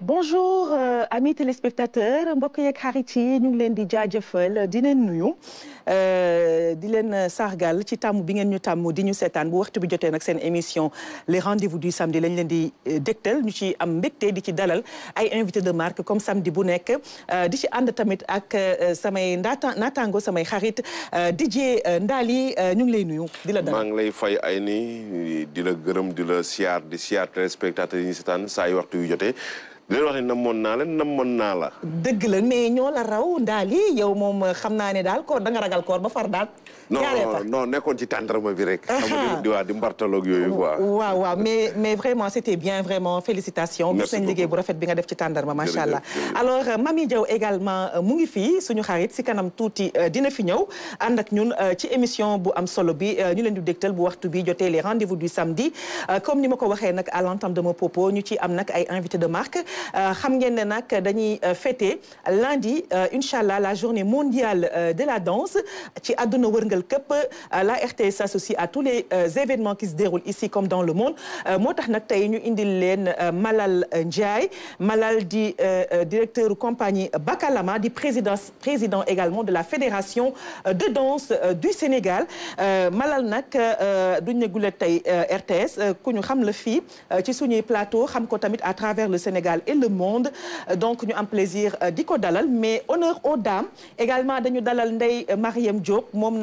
bonjour euh, amis téléspectateurs mbokk yeeg xarit yi ñu ngi leen di jaajëfal di leen nuyu euh, di leen sargal ci tàmm bi ngeen ñu tàmm di ñu seetaan bu waxtu bi jotee nag seen émission les rendez-vous du samedi lañ leen di euh, dégtal ñu ci am mbégte di ci dalal ay invité de marque comme samedi bu nekk di ci ànd tamit ak samay ndaata naataango samay xarit DJ Ndali ñu ngi lay nuyu di la dalal maa ngi lay fay ay ni di la gërëm di la siyaar di siyaar téléspectateurs yi ñu seetaan saa yu waxtu yu commencé di leen wax naa leen namoon naa la. dëgg la mais ñoo la raw ndaal yi yow moom xam naa ne daal koor da nga ragal koor ba far daal. non non non, non, non, non, non, non, non, non, non, non, non, non, non, mais mais vraiment c'était bien vraiment félicitations. merci non, non, non, non, non, non, non, non, alors non, euh, Diaw également non, non, non, non, non, non, non, non, non, non, non, non, non, non, non, émission non, am non, non, non, non, non, non, non, les rendez-vous du samedi euh, comme non, non, non, à non, de non, non, non, non, non, non, non, de marque non, non, non, non, fêter lundi euh, non, la journée mondiale de la danse non, non, non, Wackel Cup. Euh, la RTS associe à tous les euh, événements qui se déroulent ici comme dans le monde. Euh, Moi, tax nag Malal Ndiaye Malal di directeur compagnie Bakalama di président président également de la fédération de danse du Sénégal Malal Nak, duñ ne gulet RTS ku xam la plateau xam à travers le Sénégal et le monde donc nous am plaisir di dalal mais honneur aux dames également dañu dalal Mariam Diop moom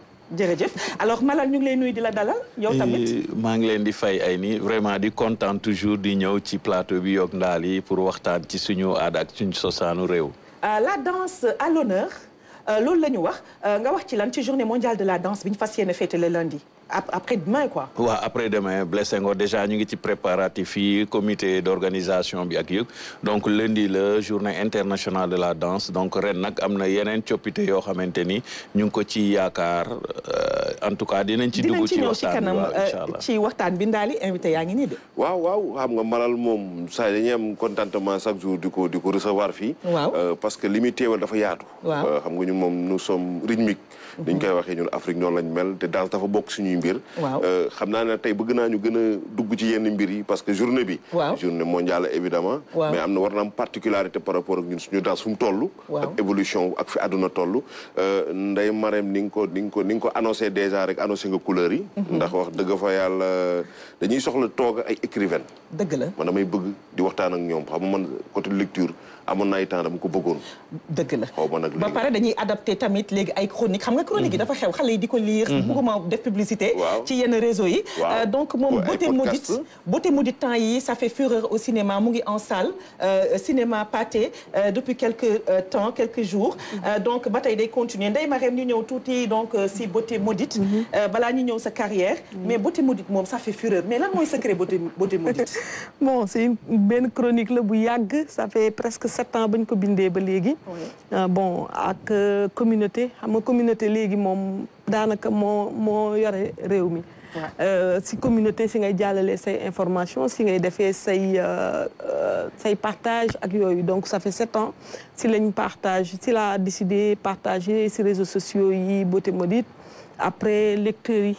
jërëjëf alors Malal ñu ngi lay nuyu di la dalal yow tamit eh, maa ngi leen di fay ay nii vraiment di content toujours di ñëw ci plateau bi yoog ndaal yi pour waxtaan ci suñu aada ak suñu sosaanu réew euh, la danse à l'honneur euh, loolu la ñu wax euh, nga wax ci lan ci journée mondiale de la danse bi ñu fas yéene le lundi après demain quoi. waaw après demain Blaise Senghor déjà ñu ngi ci préparatif comité d'organisation bi ak donc lundi la journée internationale de la danse donc ren nag am na yeneen coppite yoo xamante ni ñu ngi ko ci yaakaar euh, en tout cas dinañ ci dugg ci waxtaan bi waaw euh, incha allah ci waxtaan bi ndaali invité yaa ngi nii de. waaw waaw xam nga malal moom saa dañuy am contentement chaque jour du ko du ko recevoir fii. Euh, parce que li muy teewal dafa yaatu. waaw xam nga ñun moom nous sommes rythmiques. dañ koy waxee ñun Afrique noonu lañ mel te danse dafa bokk suñuy mbir euh, xam naa ne tey bëgg naa ñu gën a dugg ci yenn mbir yi parce que journée bi journée mondiale évidemment mais am na war na am particularité par rapport ak ñun suñu danse fu mu ak évolution ak fi àdduna toll euh, Ndeye Marème ni nga ko ni nga ko ni nga ko annoncé déjà rek annoncé nga couleur yi mhm. ndax wax dëgg fa yàlla dañuy soxla toog ay écrivain dëgg la man damay bëgg di waxtaan ak ñoom xam man côté lecture amoon ay temps dama ko ba pare dañuy adapté tamit léegi ay chronique xam nga chronique yi mhm. dafa xew xalé yi di ko lire. Mhm. bëgguma def publicité. ci yene réseau yi. Euh, donc mom beauté maudite beauté maudite temps yi ça fait fureur au cinéma mu ngi en salle euh, cinéma pâté euh, depuis quelques temps quelques jours. Mhm. donc bataille day continuer Ndeye Marème ñu ñëw tuuti donc si beauté maudite. bala ñu ñëw sa carrière. mais beauté maudite mom ça fait fureur mais lan moy secret beauté beauté maudite. bon c'est une belle chronique le bu yag ça fait presque. 7 ans ba ñu ko bindee ba léegi. Euh, bon ak euh, communauté xam communauté léegi mom danaka mo mo yoré réew mi. Euh, si communauté si ngay jàllale say information si ngay defee say say partage ak yoyu donc ça fait 7 ans si lañ partage si la décidé partager si réseaux sociaux yi Beauté Maudite après lecteurs yi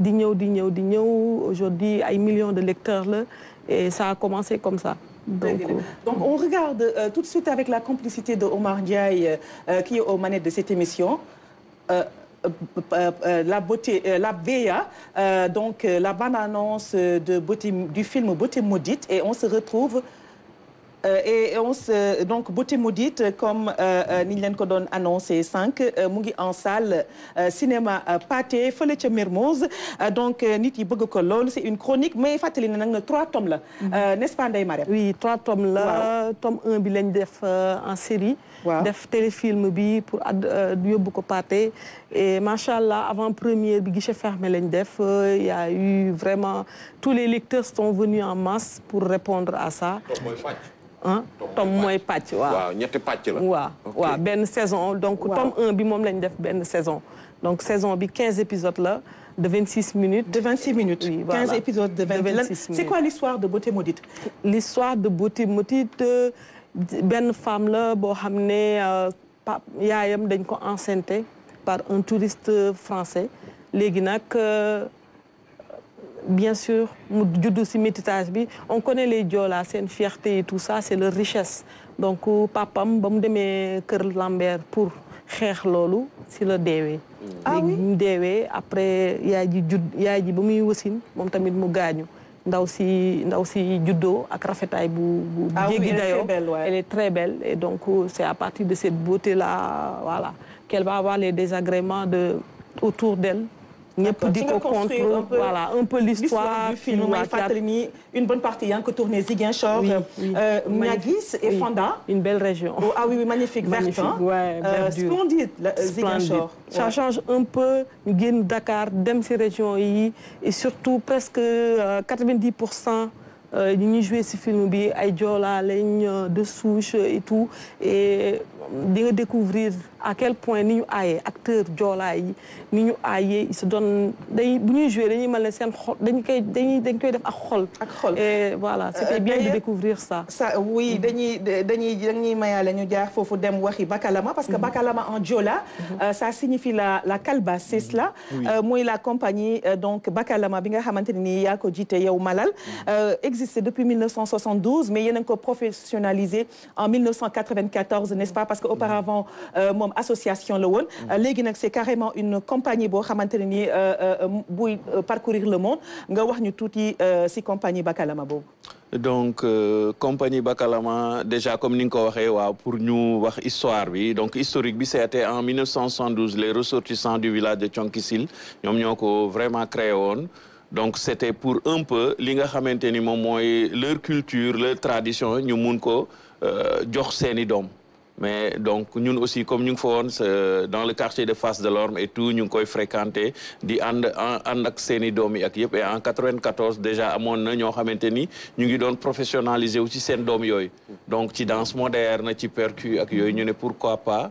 di ñëw di ñëw di ñëw aujourd'hui ay millions de lecteurs là, et ça a commencé comme ça donc, on regarde euh, tout de suite avec la complicité de Omar Diaye, euh, euh, qui est aux manettes de cette émission. la beauté, la BA, donc la bande annonce de du film Beauté maudite, et on se retrouve euh, et on se donc Beauté Maudite comme ni ñu annonçait, ko annoncé 5, euh, en salle euh, cinéma pâté, fële Mirmoz. Mermoz donc nit yi c'est une chronique mais il y a trois tomes là, mhm. n'est-ce pas Ndeye Mariam oui trois tomes là. tome 1, bi en série waaw def téléfilm bi pour ad yóbbu ko et macha avant première bi guichet fermé il y a eu vraiment tous les lecteurs sont venus en masse pour répondre à ça ah hein? tome mooy pàcc waaw ñetti la waaw waaw saison donc tome 1 bi mom lañ def ben saison donc saison bi 15 épisodes là de 26 minutes. De 26 minutes. Oui, voilà. 15 épisodes de, de 26 minutes. C'est quoi l'histoire de Beauté Maudite L'histoire de Beauté Maudite, ben femme là, bo xamné euh, yaayam dañ ko enceinte par un touriste français. Légui nak euh, bien sûr mu juddu si bi on connaît les c'est une fierté et tout ça c'est leur richesse donc euh, papam ba mu demee Kër Lambert pour lolo, c'est si la mm. Ah oui. Le deewee après yaay ji judd yaay ji ba a wasin moom tamit mu gaañu ndaw si ndaw si juddoo ak rafetaay bu bu ah jéggi dayoo elle est très belle et donc euh, c'est à partir de cette beauté là voilà qu'elle va avoir les désagréments de autour d'elle on di ko voilà un peu l'histoire du film une bonne partie yaa hein, tourné Ziguinchor euh, euh, Niaguis et Fanda une belle région oh, ah oui magnifique magnifique hein. euh, splendide Ziguinchor ça change un peu nous de Dakar dem ces régions yi et surtout presque 90 de nous jouons ces films. Nous film bi ay de souche et tout et de découvrir à quel point nous ñu acteurs acteur joolaa yi ni ils se donnent dañuy bu ñuy joué dañuy mel ne seen xol dañu koy dañ koy def ak xol. et voilà c'était euh, bien de découvrir ça. ça oui mm-hmm. dañuy dañuy dañuy mayaale ñu jaar foofu dem waxi bakalama parce que mm-hmm. bakalama en joola. Mm-hmm. Euh, ça signifie la la calebasse c'est cela. Euh, mooy la compagnie donc bakalama bi nga xamante ne nii ko yow Malal. existe depuis 1972 mais y a ko professionnalisé en 1994 n'est-ce pas parce parce qu'auparavant, auparavant euh, association la mm. euh, c'est carrément une compagnie pour a été parcourir le monde nga wax ñu euh, ces compagnies Bakalama donc euh, compagnie Bakalama déjà comme nous avons dit, pour nous, wax histoire donc historique c'était en 1912, les ressortissants du village de Thionkisil ils ont vraiment créé donc c'était pour un peu les nga xamante leur culture leur tradition nous ont ko euh, jox mais donc aussi comme nous euh, le dans le quartier de face de l'Orme et tout nous fréquenté koy fréquenter di and et en 1994, déjà à mon ñoo nous avons ñu ngi doon professionnaliser aussi donc ci danse moderne ci percu ak nous ne pourquoi pas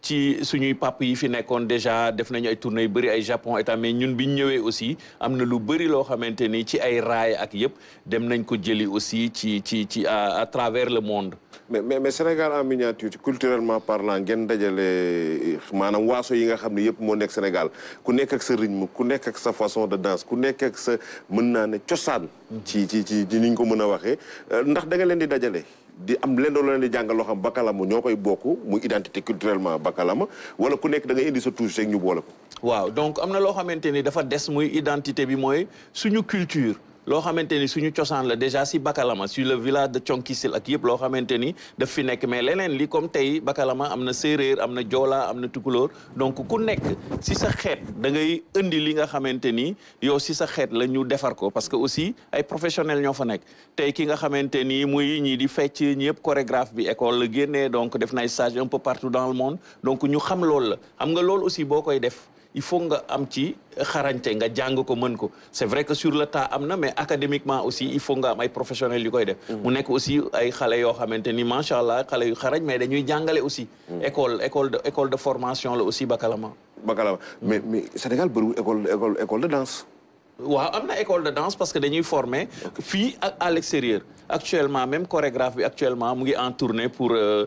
ci suñuy pap yi fi nekkoon déjà def nañu ay tournées yu bëri ay Japon état mais ñun biñ ñu ñëwee aussi am na lu bëri loo xamante ni ci ay raay ak yëpp dem nañ ko jëli aussi ci ci ci à travers le monde. mais mais mais Sénégal en miniature culturellement parlant ngeen dajale maanaam waaso yi nga xam ne yëpp moo nekk Sénégal ku nekk ak sa rythme ku nekk ak sa façon de danse ku nekk ak sa mën naa ne cosaan. Mm. ci ci ci ni ñu ko mën a waxee euh, ndax da nga leen di dajale. di am leen doo leen di jàngal loo xam ñoo koy bokk muy identité culturellement bakalama wala ku nekk da ngay indi sa touche rek ñu boole ko. waaw donc am na loo xamante ni dafa des muy identité bi mooy suñu culture. loo xamante ni suñu cosaan la déjà si Bakalama su le village de Thionkisil ak yëpp loo xamante ni daf fi nekk mais leneen li comme tey Bakalama am na séeréer am na joola am na tukulóor donc ku nekk si sa xeet da ngay indi li nga xamante ni yow si sa xeet la ñu defar ko parce que aussi ay professionnels ñoo fa nekk tey ki nga xamante ni muy ñii di fecc yëpp chorégraphe bi école la génnee donc def na ay stage un peu partout dans le monde donc ñu xam loolu la xam nga loolu aussi boo koy def il faut nga am ci xarañte nga jàng ko mën ko c'est vrai que sur le temps am na mais académiquement aussi il faut nga am ay professionnels yu koy def mm. mu nekk aussi ay xale yoo xamante ni macha allah xale yu xarañ mais dañuy jàngale aussi mm. école école de école formation la aussi bakalama bakalama mm. mais Sénégal bëriwul école école école de danse waaw am na école de danse parce que dañuy former fi ak l'extérieur actuellement même chorégraphe bi actuellement mu ngi en tournée pour euh,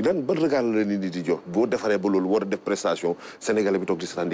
lan ban regard la nit ñi di jox boo defaree ba loolu war a def prestation sénégalais bi toog di seetaan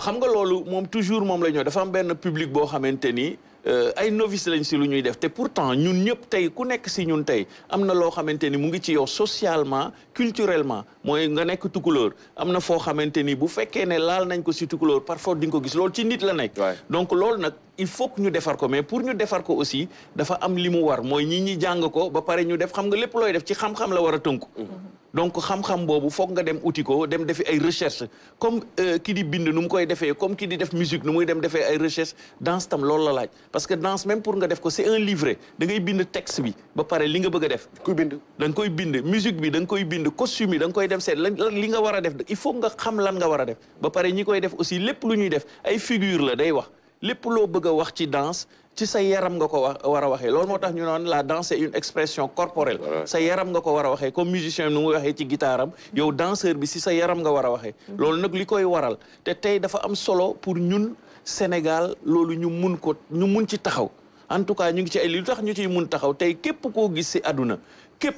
xam nga loolu moom toujours moom la ñoo dafa am benn public boo xamante ni euh, ay novice lañ si lu ñuy def te pourtant ñun ñëpp tey ku nekk si ñun tey am na loo xamante ni mu ngi ci yow socialement culturellement moy nga nek tukulóor couleur, na foo xamante bu fekke ne lal nañ ko si couleur, parfois di nga ko gis lol ci nit la nek donc l'ol nak il faut que ñu défar ko mais pour ñu défar ko aussi dafa am limu war moy ñi ñi jang ko ba paré ñu def xam nga lepp loy def ci xam-xam la wara tonku mm-hmm. donc xam-xam bobu fokk nga dem uti ko dem def ay recherche comme euh, ki di bind num koy defee comme ki di def musique numuy dem defee ay recherche danse tam l'ol la laaj parce que danse même pour nga def ko c'est un livret da ngay bind texte bi ba paré li nga bëgg def koy bind dang koy bind musique bi dang koy bind costume bi, dang koy def dem seet li nga war a def il faut nga xam lan nga war a def ba pare ñi def aussi lépp lu ñuy def ay figure la day wax lépp loo bëgg wax ci danse ci sa yaram nga ko wax war a waxee ñu la danse est une expression corporelle sa yaram nga ko war a waxee comme musicien nu muy waxee ci gitaaram yow danseur bi sa yaram nga war a waxee mm-hmm. loolu waral te tey dafa am solo pour ñun Sénégal loolu ñu nyumun ko ñu mun ci taxaw en tout cas ñu ngi ci ay ñu mun taxaw tey képp koo gis si àdduna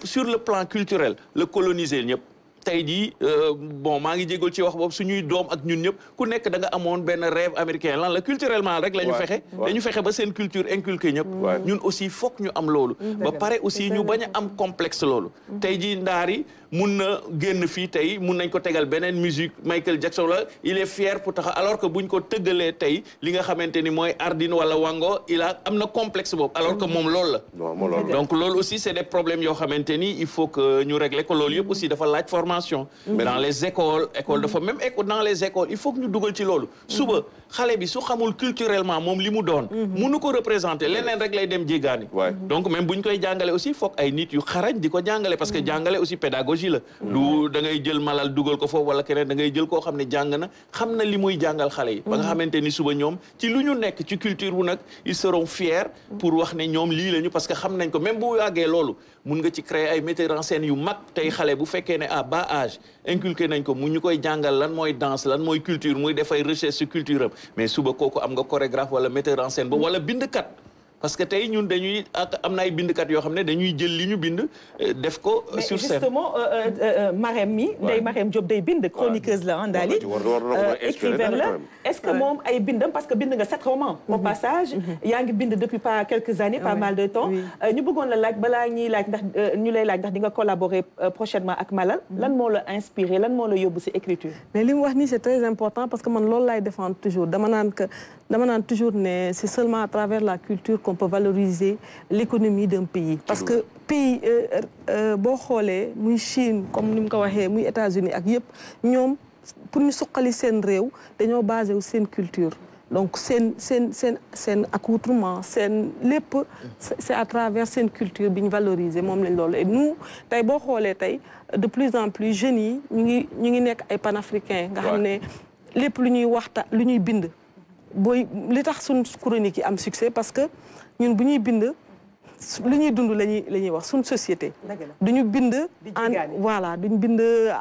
sur le plan culturel le coloniser tey jii euh, bon maa ngi jégal ci wax su ñuy doom ak ñun ñëpp ku nekk da nga amoon benn rêve américain lan la culturellement rek la ñu fexe dañu fexe ba seen culture inculqué ñëpp ñun aussi ñu am loolu mm-hmm. ba pare aussi ñu bañ am complexe loolu mm-hmm. tey jii ndaar yi mun na génn fii tey mun nañ ko tegal beneen musique Michael la il est fier que buñ ko tëggalee tey li nga xamante ni mooy Ardine wala Wango il a am na complexe boobu alors moom loolu la donc loolu aussi c'est des problèmes yoo xamante ni il faut dafa laaj formation mais dans les écoles écoles dafa mm. même école dans les écoles il faut que nous dougal ci lolu suba mm. xalé bi su xamul culturellement mom limu mu doon. mënu mm-hmm. ko représenter lenen rek lay dem jéggaani. donc même buñ koy jàngale aussi foog ay nit yu xarañ diko ko parce que mm. jàngale aussi pédagogie la. du da ngay jël malal dougal ko fo wala keneen da ngay jël ko xamné ne jàng na xamna na li muy jàngal xale yi. ba nga xamanteni suba ñom ci luñu nekk ci culture wu nak ils seront fiers pour wax né ñom li lañu parce que xamnañ ko même bu yàggee lolu mun nga ci créer ay metteurs en scène yu mag tay xalé bu à bas âge inculqué nañ ko muñ ñukoy jàngal lan moy danse lan moy culture muy def ay recherche culture mais suba kooku am nga chorégraphe wala metteur en scène wala parce que tay ñun dañuy ak am na ay bind kat yo ne dañuy jël li ñu bind euh, def ko euh, sur scène justement euh, euh, euh Marème mi day Marème Job day bind chroniqueuse la Andali écrivaine la est-ce que mom ay bindam parce que bind nga sept romans au mhm. passage mhm. yaa ngi bind depuis pas quelques années pas mal de temps ñu bëggoon la laaj balaa ñi laaj ndax ñu lay laaj ndax di nga collaborer prochainement ak Malal mhm. lan mo la inspiré lan mo la yóbbu ci écriture mais li wax ni c'est très important parce que man lool lay défendre toujours dama nan que dama toujours né, c'est seulement à travers la culture qu'on peut valoriser l'économie d'un pays parce que pays euh, euh, euh, boo xoolee muy Chine comme nous mu ko waxee muy États-Unis ak yëpp pour ñu suqali seen réew dañoo basé wu seen culture donc c'est seen accoutrement c'est à travers cette culture bi ñu valoriser loolu et nous tey de plus en plus jeunes nous, ñu ngi ay panafricains nga xam ne lépp lu ñuy waxta lu ñuy bind booy li tax suñ chronique yi am succès parce que ñun bu ñuy bind C'est dund société Nous voilà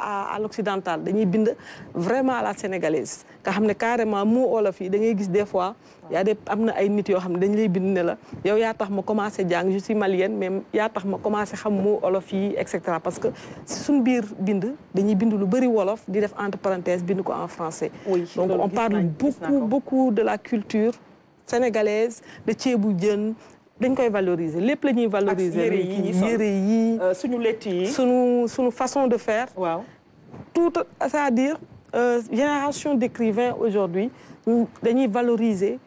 à l'occidental vraiment à la sénégalaise Car carrément des fois y y des gens qui nit ont gens dañ lay gens je suis malienne mais qui tax ma commencé xam des yi qui parce que qui des dañuy qui lu des wolof en français on parle beaucoup beaucoup de la culture sénégalaise de des les koy valoriser les pléniers valoriser yi euh, façon de faire tout c'est-à-dire euh, génération d'écrivains aujourd'hui dañuy valoriser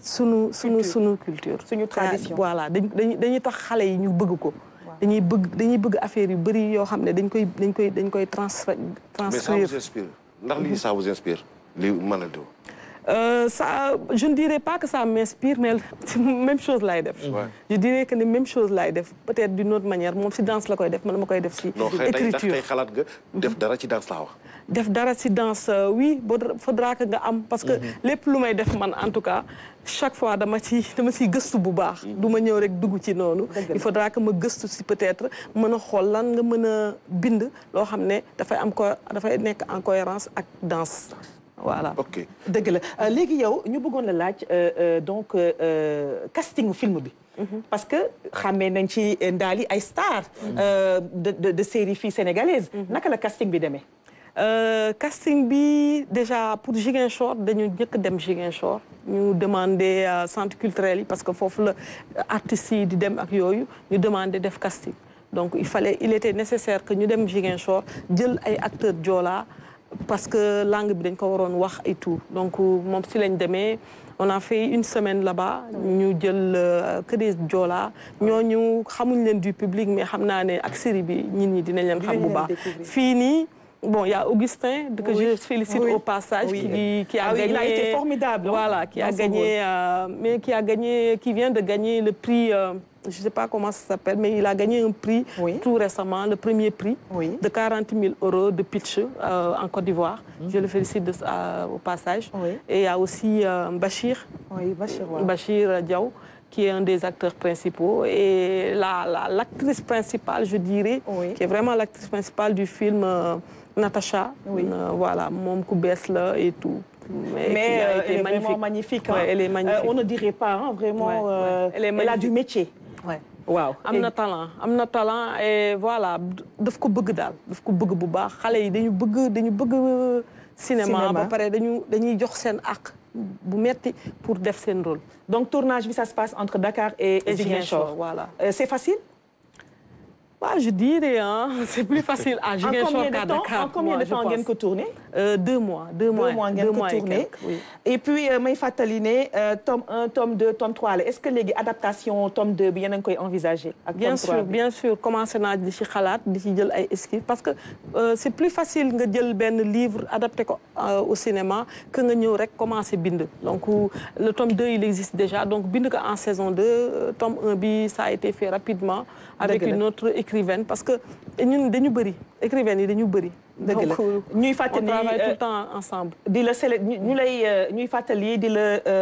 suñu suñu suñu culture suñu tradition voilà tax yi ñu bëgg ko dañuy bëgg dañuy bëgg affaire yu mais ça vous inspire ça vous inspire euh, je ne dirais pas que ça m'inspire, mais même chose je dirais que la même chose peut-être d'une autre manière je si danse la si. écriture non danse danse euh, oui il faudra que parce que les plumes que man en tout cas chaque fois dama ci dama suis bu baax. Mhm. duma rek il faudra que je peut-être que xol lan nga bind en cohérence ak danse voilà ok D'accord. Les gars, yow ñu bëggoon la laaj euh, euh, donc euh, film bi. Mhm. parce que xàmmee nañ ci est ay star mhm. de de de série sénégalaises sénégalaise. Mhm. naka le casting bi euh, casting bi déjà pour Ziguinchor dañu nous dem Ziguinchor ñu à centre culturel parce que foofu la artistes yi di dem ak yooyu ñu demander def casting donc il fallait il était nécessaire que nous ñu dem Ziguinchor jël ay acteurs Joola parce que langue est en ko et tout donc euh, mon petit lañ on a fait une semaine là-bas Nous avons que des joola là xamuñ Nous du public mais xam du ne ak série bi fait ñi dinañ Bon, il y a Augustin, que je félicite au passage, qui, qui, a ah il a été formidable. Hein, voilà, qui a gagné, euh, mais qui a gagné, qui vient de gagner le prix. Euh, je ne sais pas comment ça s'appelle, mais il a gagné un prix tout récemment, le premier prix de 40 000 euros de pitch euh, en Côte d'Ivoire. Mhm. Je le félicite euh, au passage. Et il y a aussi euh, Bachir, Bachir, voilà. qui est un des acteurs principaux. Et l'actrice principale, je dirais, qui est vraiment l'actrice principale du film Natacha. voilà, Mom Koubesla et tout. Mais, elle, est magnifique. Hein. elle est magnifique. on ne dirait pas, hein, vraiment. elle, a du métier. Wow. am un talent am talent et voilà daf ko bëgg dal, daf ko bëgg bu baax Xalé yi dañu bëgg dañu bëgg cinéma ba paré dañu dañuy jox sen bu metti pour def sen rôle donc tournage bi ça se passe entre Dakar et Ziguinchor voilà euh, c'est facile bah, je dirais, hein, c'est plus facile ah, à gérer en combien de temps, combien de temps pense. vous tourner euh, Deux mois. Deux, mois, deux mois tourner. Et, puis, euh, Maïfa Taliné, euh, tome 1, tome 2, tome 3. Est-ce que les adaptations tome 2, bien envisagées Bien sûr, bien sûr. Commencer à des des Parce que euh, c'est plus facile de dire un livre adapté euh, au cinéma que de commencer à Donc, le tome 2, il existe déjà. Donc, en saison 2, tome 1, ça a été fait rapidement. avec une autre écrivaine parce que ñun dañu bëri écrivaine yi dañu bëri Nous la euh, on travaille tout le euh, temps ensemble. Nous, la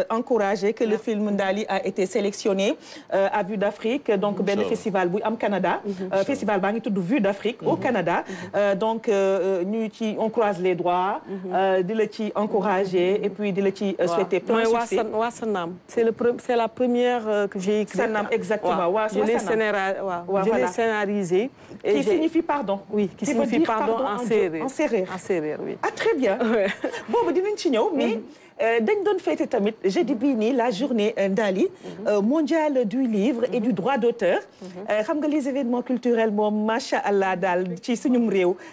encouragé euh, ñuy que le film Ndali a été sélectionné à Vue d'Afrique donc le festival bu am Canada. Mhm. festival ba ngi tudd Vue d'Afrique au mhm. Canada. Mhm. donc nous, ci on croise les doigts. nous la ci et puis di la ci souhaiter plein succès. c'est la première que j'ai écrit. exactement je l'ai scénarisé. qui signifie pardon. oui qui signifie pardon en en serré, oui. Ah, très bien. Bon, vous dites, nous sommes mais. Mm-hmm dañ doon fêté tamit jeudi bii la journée Ndali mhm. euh, mondiale du livre et du mhm. droit d'auteur mhm. euh, xam nga les événements culturels moom macha allah daal ci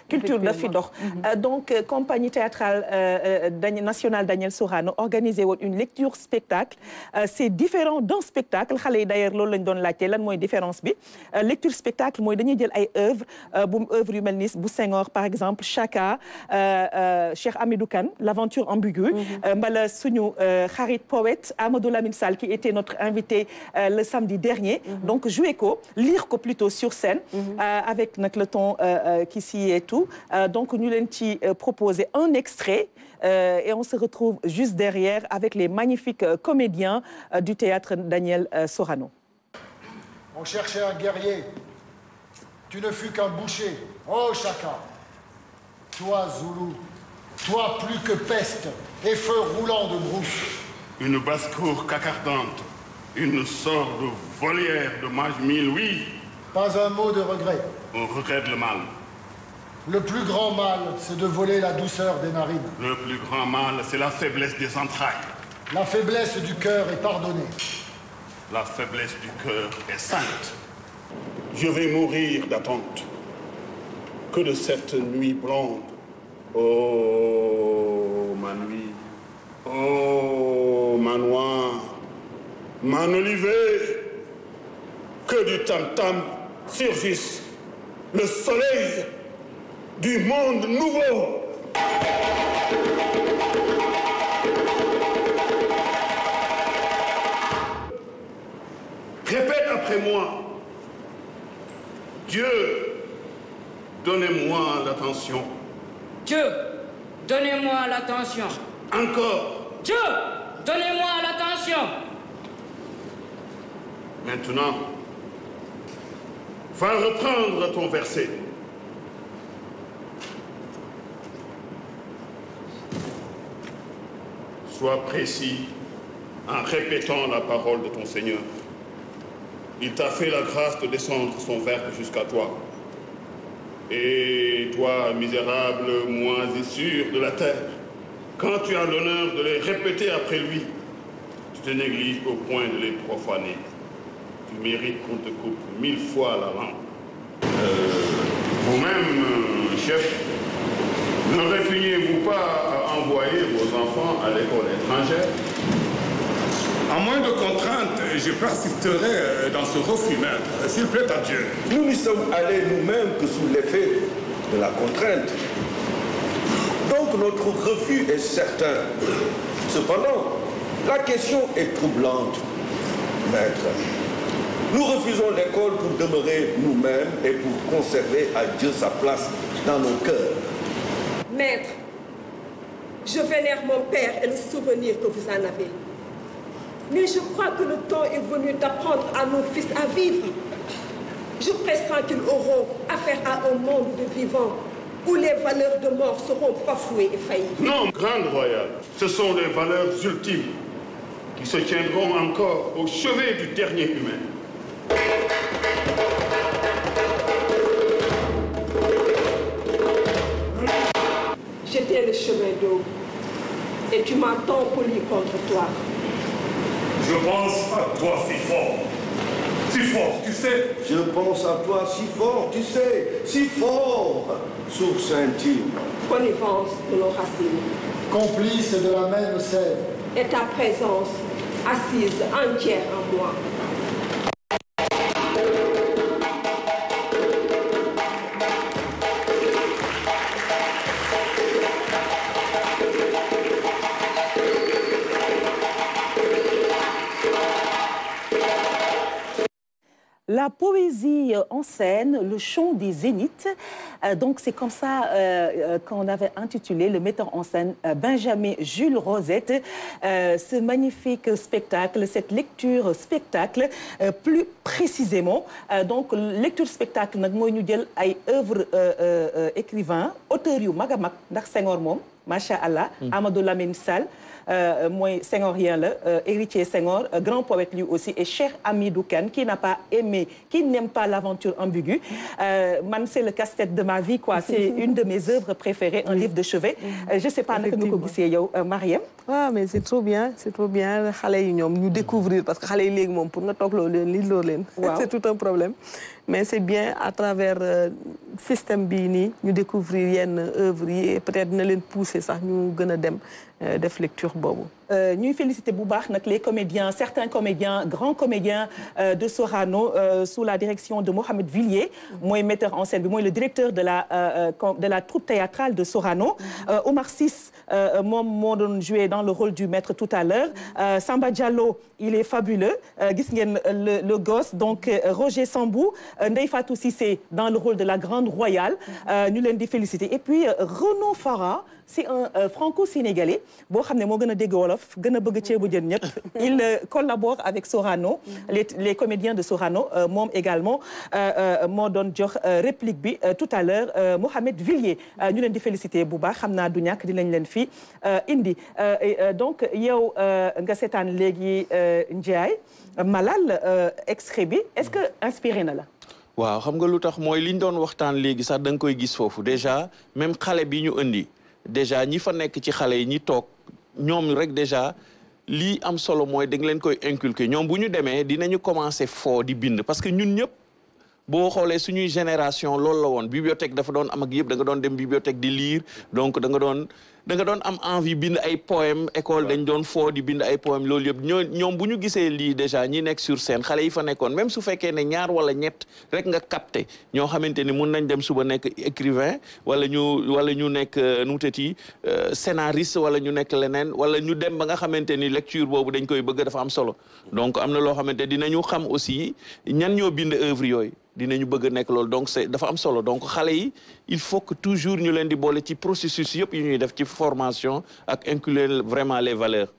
culture de fi dox euh, donc compagnie théâtrale nationale Daniel Sorano organisé une lecture spectacle c'est différent d'un spectacle xale yi d'ailleurs loolu lañ doon laajte lan mooy différence bi lecture spectacle mooy dañuy jël ay œuvre bu œuvre yu mel bu par exemple Chaka Cheikh Hamidou Kane l'aventure ambiguë le Harit Poet, poète Amadou Laminsal, qui était notre invité euh, le samedi dernier. Mhm. donc jouer co, lire plutôt sur scène. Mhm. Euh, avec nacleton le ton euh, qui s'y tout donc nous proposait un extrait et on se retrouve juste derrière avec les magnifiques comédiens du théâtre Daniel Sorano. On cherchait un guerrier. Tu ne fus qu'un boucher. Oh, chacun. Toi, Zoulou. Toi plus que peste et feu roulant de brousse. Une basse-cour cacardante, une sorte de volière de mage mille, oui. Pas un mot de regret. On regrette le mal. Le plus grand mal, c'est de voler la douceur des narines. Le plus grand mal, c'est la faiblesse des entrailles. La faiblesse du cœur est pardonnée. La faiblesse du cœur est sainte. Je vais mourir d'attente. Que de cette nuit blonde Oh, nuit, Oh, Man Olivier, Que du tam-tam surgisse le soleil du monde nouveau. Répète après moi, Dieu, donnez-moi l'attention. Dieu, donnez-moi l'attention. Encore. Dieu, donnez-moi l'attention. Maintenant, va reprendre ton verset. Sois précis en répétant la parole de ton Seigneur. Il t'a fait la grâce de descendre son verbe jusqu'à toi. Et toi, misérable, moins sûr de la terre, quand tu as l'honneur de les répéter après lui, tu te négliges au point de les profaner. Tu mérites qu'on te coupe mille fois la langue. Euh, vous-même, euh, chef, ne réfugiez-vous pas à envoyer vos enfants à l'école étrangère À moins de contraintes je persisterai euh, dans ce refus même, s'il plaît à Dieu. Nous n'y sommes allés nous-mêmes que sous l'effet de la contrainte. Donc notre refus est certain. Cependant, la question est troublante, maître. Nous refusons l'école pour demeurer nous-mêmes et pour conserver à Dieu sa place dans nos cœurs. Maître, je vénère mon père et le souvenir que vous en avez. Mais je crois que le temps est venu d'apprendre à nos fils à vivre. Je pressens qu'ils auront affaire à un monde de vivants où les valeurs de mort seront fouées et faillies. Non, Grande Royale, ce sont les valeurs ultimes qui se tiendront encore au chevet du dernier humain. J'étais le chemin d'eau et tu m'entends poli contre toi. Je pense à toi si fort. Si fort, tu sais. Je pense à toi si fort, tu sais. Si fort. Source intime. Connaissance de nos racines. Complice de la même scène, Et ta présence assise entière en moi. la poésie euh, en scène, le chant des zéniths. Euh, donc c'est comme ça euh, qu'on avait intitulé le metteur en scène Benjamin Jules Rosette. ce magnifique spectacle, cette lecture spectacle, plus précisément. donc lecture spectacle nous mooy ñu œuvre écrivain auteur Magamak maga, a mm. Amadou Lamine euh, Moins Senghorien la euh, héritier senior, euh, grand poète lui aussi et cher ami Doukan qui n'a pas aimé qui n'aime pas l'aventure ambiguë man c'est le casse-tête de ma vie quoi c'est une de mes œuvres préférées un livre de chevet je sais pas naka nga ah, mais c'est trop bien c'est trop bien nous découvrir parce que pour nous, c'est tout un problème mais c'est bien à travers euh, système bini, nous ñu découvrir une œuvre yi peut-être nous leen pousser ça. ñu nous euh, féliciter Boubach, les comédiens certains comédiens grands comédiens euh, de Sorano euh, sous la direction de Mohamed Villiers moi, metteur en scène le directeur de la de la troupe théâtrale de Sorano Omar Siss, moi, moo joué dans le rôle du maître tout à l'heure Samba Diallo il est fabuleux Gisnien, le gosse donc Roger Sambou Ndeye Fatou dans le rôle de la grande royale ñu leen féliciter et puis Renaud Farah c'est un euh, franco-sénégalais Bo xamné ne gëna dégg wolof gëna bëgg ceebu jën ñëpp il euh, collabore avec Sorano mm-hmm. les les comédiens de Sorano euh, mom également mo don jox réplique bi tout à l'heure Mohamed Villiers ñu leen di féliciter bu baax Xamna naa ñak di lañ leen fi indi donc yow nga seetaan léegi Ndiaye Malal extrait bi est-ce que inspiré na la waaw xam nga lutax moy liñ doon waxtaan légui sax dang koy gis fofu déjà même xalé bi ñu indi déjà ñi fa nekk ci xale yi ñi toog ñoom rek déjà lii am solo mooy da leen koy inculquer ñoom bu ñu demee dinañu commencer foo di bind parce que ñun ñëpp boo xoolee suñuy génération loolu la woon bibliothèque dafa doon am ak yëpp danga nga doon dem bibliothèque di liir donc da nga doon da nga doon am envie bind ay poème école dañ doon foo di bind ay poème loolu yëpp ñoo ñoom bu ñu gisee lii déjà ñi nekk sur scène xale yi fa nekkoon même su fekkee ne ñaar wala ñett rek nga capté ñoo xamante ni mun nañ dem suba nekk écrivain wala ñu wala ñu nekk euh, nuutati euh, scénariste wala ñu nekk leneen wala ñu dem ba nga xamante ni lecture boobu dañ koy bëgg dafa am solo donc am na loo xamante dinañu xam aussi ñan ñoo bind œuvre yooyu dinañu bëgg a nekk loolu donc c'est dafa am solo donc xale yi il faut que toujours ñu leen di boole ci processus yëpp yu ñuy def ci formation ak inculer vraiment les valeurs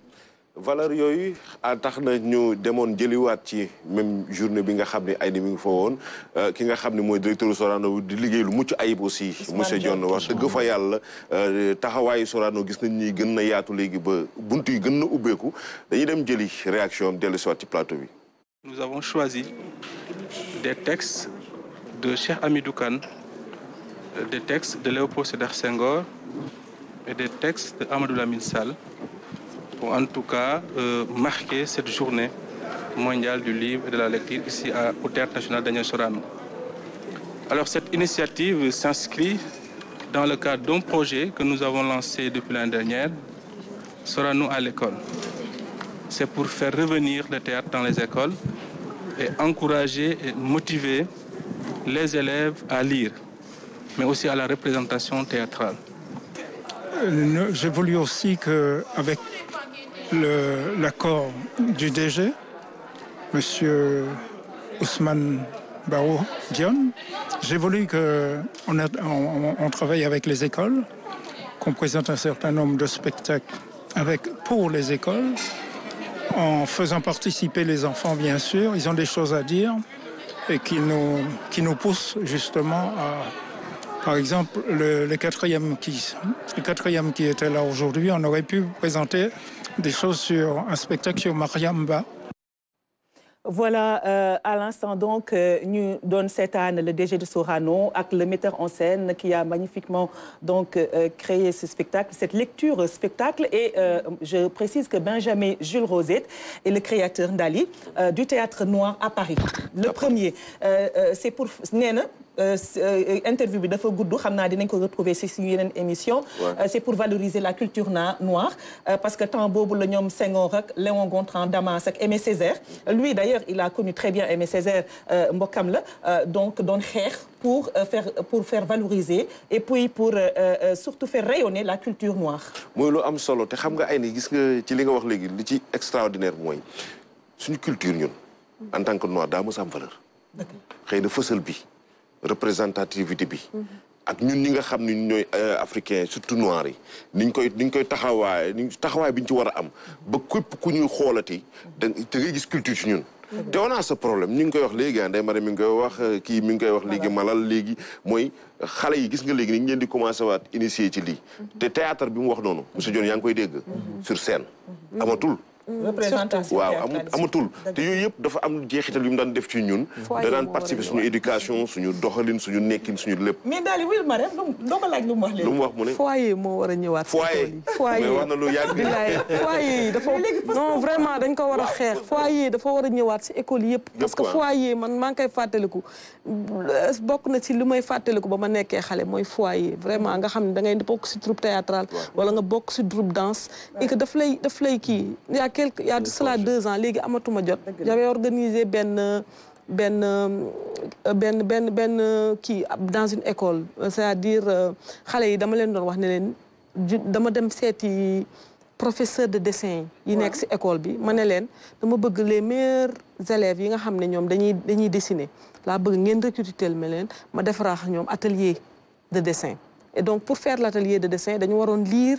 valeurs yooyu ah, tax na ñu demoon jëliwaat ci même journée bi nga xam ne ay mi ngi fa woon euh, ki nga xam ne mooy directeur Sorano di liggéey lu mucc ayib aussi monsieur Dione wax dëgg fa yàlla euh, taxawaayu Sorano gis nañ ñuy gën na yaatu léegi ba bunt yi gën na ubbeeku dañuy dem jëli réaction am dellusiwaat ci plateau bi nous avons choisi des textes de Cheikh Ami Doukan, euh, des textes de Léopold Sédar Senghor et des textes de Amadou Lamine Sall pour en tout cas euh, marquer cette journée mondiale du livre et de la lecture ici à, au Théâtre national Daniel Sorano. Alors cette initiative s'inscrit dans le cadre d'un projet que nous avons lancé depuis l'année dernière, Sorano à l'école. C'est pour faire revenir le théâtre dans les écoles et encourager et motiver les élèves à lire, mais aussi à la représentation théâtrale. Euh, j'ai voulu aussi qu'avec l'accord du DG, M. Ousmane Barou Dion, j'ai voulu qu'on on, on travaille avec les écoles, qu'on présente un certain nombre de spectacles avec, pour les écoles, en faisant participer les enfants, bien sûr. Ils ont des choses à dire et qui nous, qui nous poussent justement à... Par exemple, le, quatrième qui, le quatrième qui était là aujourd'hui, on aurait pu présenter des choses sur un spectacle sur Mariamba, voilà, euh, à l'instant donc, nous euh, donne cette âne le DG de Sorano avec le metteur en scène qui a magnifiquement donc euh, créé ce spectacle, cette lecture spectacle. Et je précise que Benjamin Jules Rosette est le créateur d'Ali du théâtre noir à Paris. Le premier, c'est pour Nene, euh, euh, interview bi dafa gudd xam naa dinañ ko retrouver si suñu yeneen émission euh, c'est pour valoriser la culture na noire parce que temps boobu la ñoom Senghor ak Léon Gontran Damas ak Aimé Césaire lui d'ailleurs il a connu très bien Aimé Césaire mbokkam la donc doon xeex pour faire pour faire valoriser et puis pour surtout faire rayonner la culture noire mooy lu am solo te xam nga ay ni gis nga ci li nga wax légui li ci extraordinaire moy suñu culture ñun en tant que noir da mos am valeur xëy na fësal bi représentativité bi. ak ñun ñi nga xam ne ñooy euh, africain surtout noirs yi niñ koy niñ koy taxawaay niñ taxawaay bi ci war am ba képp ku ñuy xoolati da ngay gis culture ci ñun. te on a ce problème ñu ngi koy wax léegi ah Ndeye mi ngi wax euh, kii mi ngi wax léegi malal léegi mooy xale yi gis nga léegi ni ñu leen di commencé waat initier ci lii. Mhm. te théâtre bi mu wax noonu monsieur Dione yaa koy dégg. Mhm. sur scène mhm. amatul. Mm. waaw amu amatul te yooyu yëpp dafa am jeexital yu mu daan def ci ñun da daan participer suñu éducation suñu doxalin suñu nekkin suñu lépp mais daal di wil ma rek doo ko laaj lu mu wax léegi lu mu wax foyer moo war ñëwaat foyer dafa non vraiment dañ ko war a xeex foyer dafa war a ñëwaat si école yëpp parce que foyer man maa ngi koy fàttaliku bokk na si li may fàttaliku ba ma nekkee xale mooy foyer vraiment nga xam ne da ngay bokk si troupe théâtrale wala nga bokk si troupe danse et daf lay daf lay kii quelque il y a de cela deux ans léegi amatuma jot. j'avais organisé ben ben ben ben benn kii dans une école euh, c'est-à-dire euh, xale yi dama leen doon wax ne leen dama dem seeti professeur de dessin yi nekk ci école bi ma ne leen dama bëgg les meilleurs élèves yi nga xam ne ñoom dañuy dañuy dessiner laa bëgg ngeen recruter ma leen ma defaraax ñoom atelier de dessin et donc pour faire l'atelier de dessin dañu waroon lire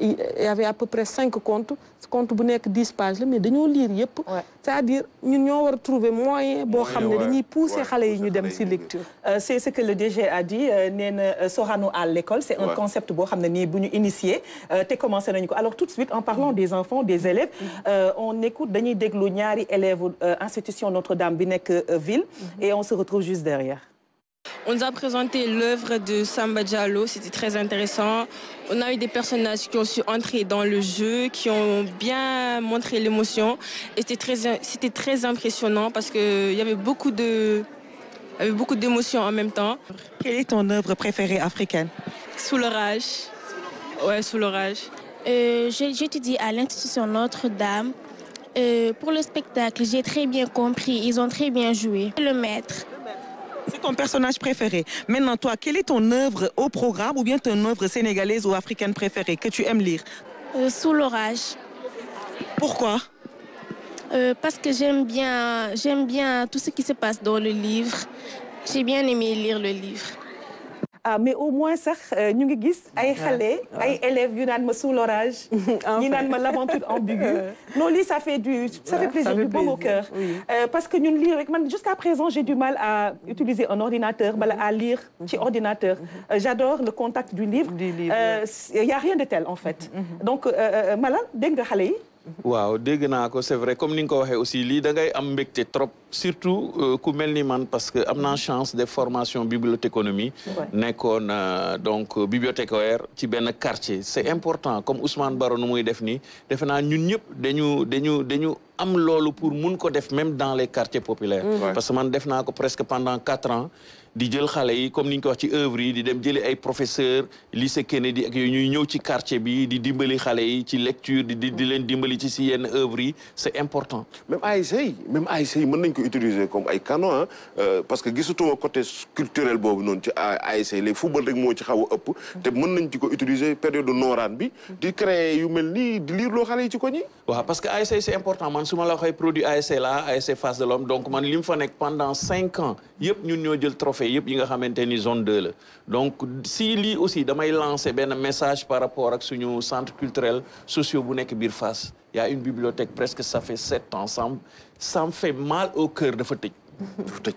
il y avait à peu près cinq comptes ce compte bu que 10 pages mais nous lire yëpp c'est-à-dire nous ñoo trouvé trouver moyen de pousser les yi lecture euh, c'est ce que le DG a dit euh, euh, Nous à l'école c'est un concept que nous avons initié commencé alors tout de suite en parlant mm. des enfants des élèves mm. on écoute Denis déglu élève élèves institution Notre-Dame bi ville mm-hmm. et on se retrouve juste derrière on nous a présenté l'œuvre de Samba Diallo, c'était très intéressant. On a eu des personnages qui ont su entrer dans le jeu, qui ont bien montré l'émotion. c'était très, c'était très impressionnant parce qu'il y avait beaucoup de, avait beaucoup d'émotions en même temps. Quelle est ton œuvre préférée africaine Sous l'orage. Ouais, sous l'orage. Euh, J'étudie à l'institution Notre-Dame. Euh, pour le spectacle, j'ai très bien compris. Ils ont très bien joué. Le maître. C'est ton personnage préféré. Maintenant, toi, quelle est ton œuvre au programme ou bien ton œuvre sénégalaise ou africaine préférée que tu aimes lire euh, Sous l'orage. Pourquoi euh, Parce que j'aime bien, j'aime bien tout ce qui se passe dans le livre. J'ai bien aimé lire le livre. Ah, mais au moins ça euh, ñu ngi gis ay xalé ay élèves yu ma sous l'orage ñi naan ma l'aventure ambiguë non li ça fait du ça fait plaisir du bon au cœur euh, parce que ñun li rek man jusqu'à présent j'ai du mal à utiliser un ordinateur bala à lire mhm. ci ordinateur mhm. euh, j'adore le contact du livre il y a rien de tel en fait mhm. donc Malal dégg nga xalé waaw c'est vrai comme nous nga aussi li da ngay am trop surtout euh, ku melni man parce que amna chance de formation bibliothéconomie nekkoon euh, donc euh, bibliothécaire ci les quartier c'est important comme Ousmane Baro nous muy def ni defe naa ñun ñëpp dañu dañu dañu am pour mun ko def même dans les quartiers populaires mm. parce que man def naa presque pendant quatre ans di jël xalé yi comme niñ ko wax ci œuvre yi di dem jëli ay professeur lycée Kennedy ak yooyu ñuy ñëw ci quartier bi di dimbali xalé yi ci lecture di di leen dimbali ci ci yenn œuvre yi c'est important même ASC même ASC yi mën nañ ko utiliser comme ay canon hein, euh, parce que gisatuma côté culturel bobu non ci ASC les football rek mo ci xaw upp té te mën nañ ci ko utiliser période norane bi di créer yu mel nii di lire lo xalé yi ci ko ñi parce que ASC c'est important man suma la waxee produit ASC la ASC Face de l'Homme donc man lim fa nek pendant cinq ans yépp ñun ñoo jël trophée préfet yi nga zones ni zone 2 la donc si a aussi damay lancer un message par rapport ak suñu centre culturel socio bu nekk biir il y a une bibliothèque presque ça fait sept ans ça ça me fait mal au cœur de tëj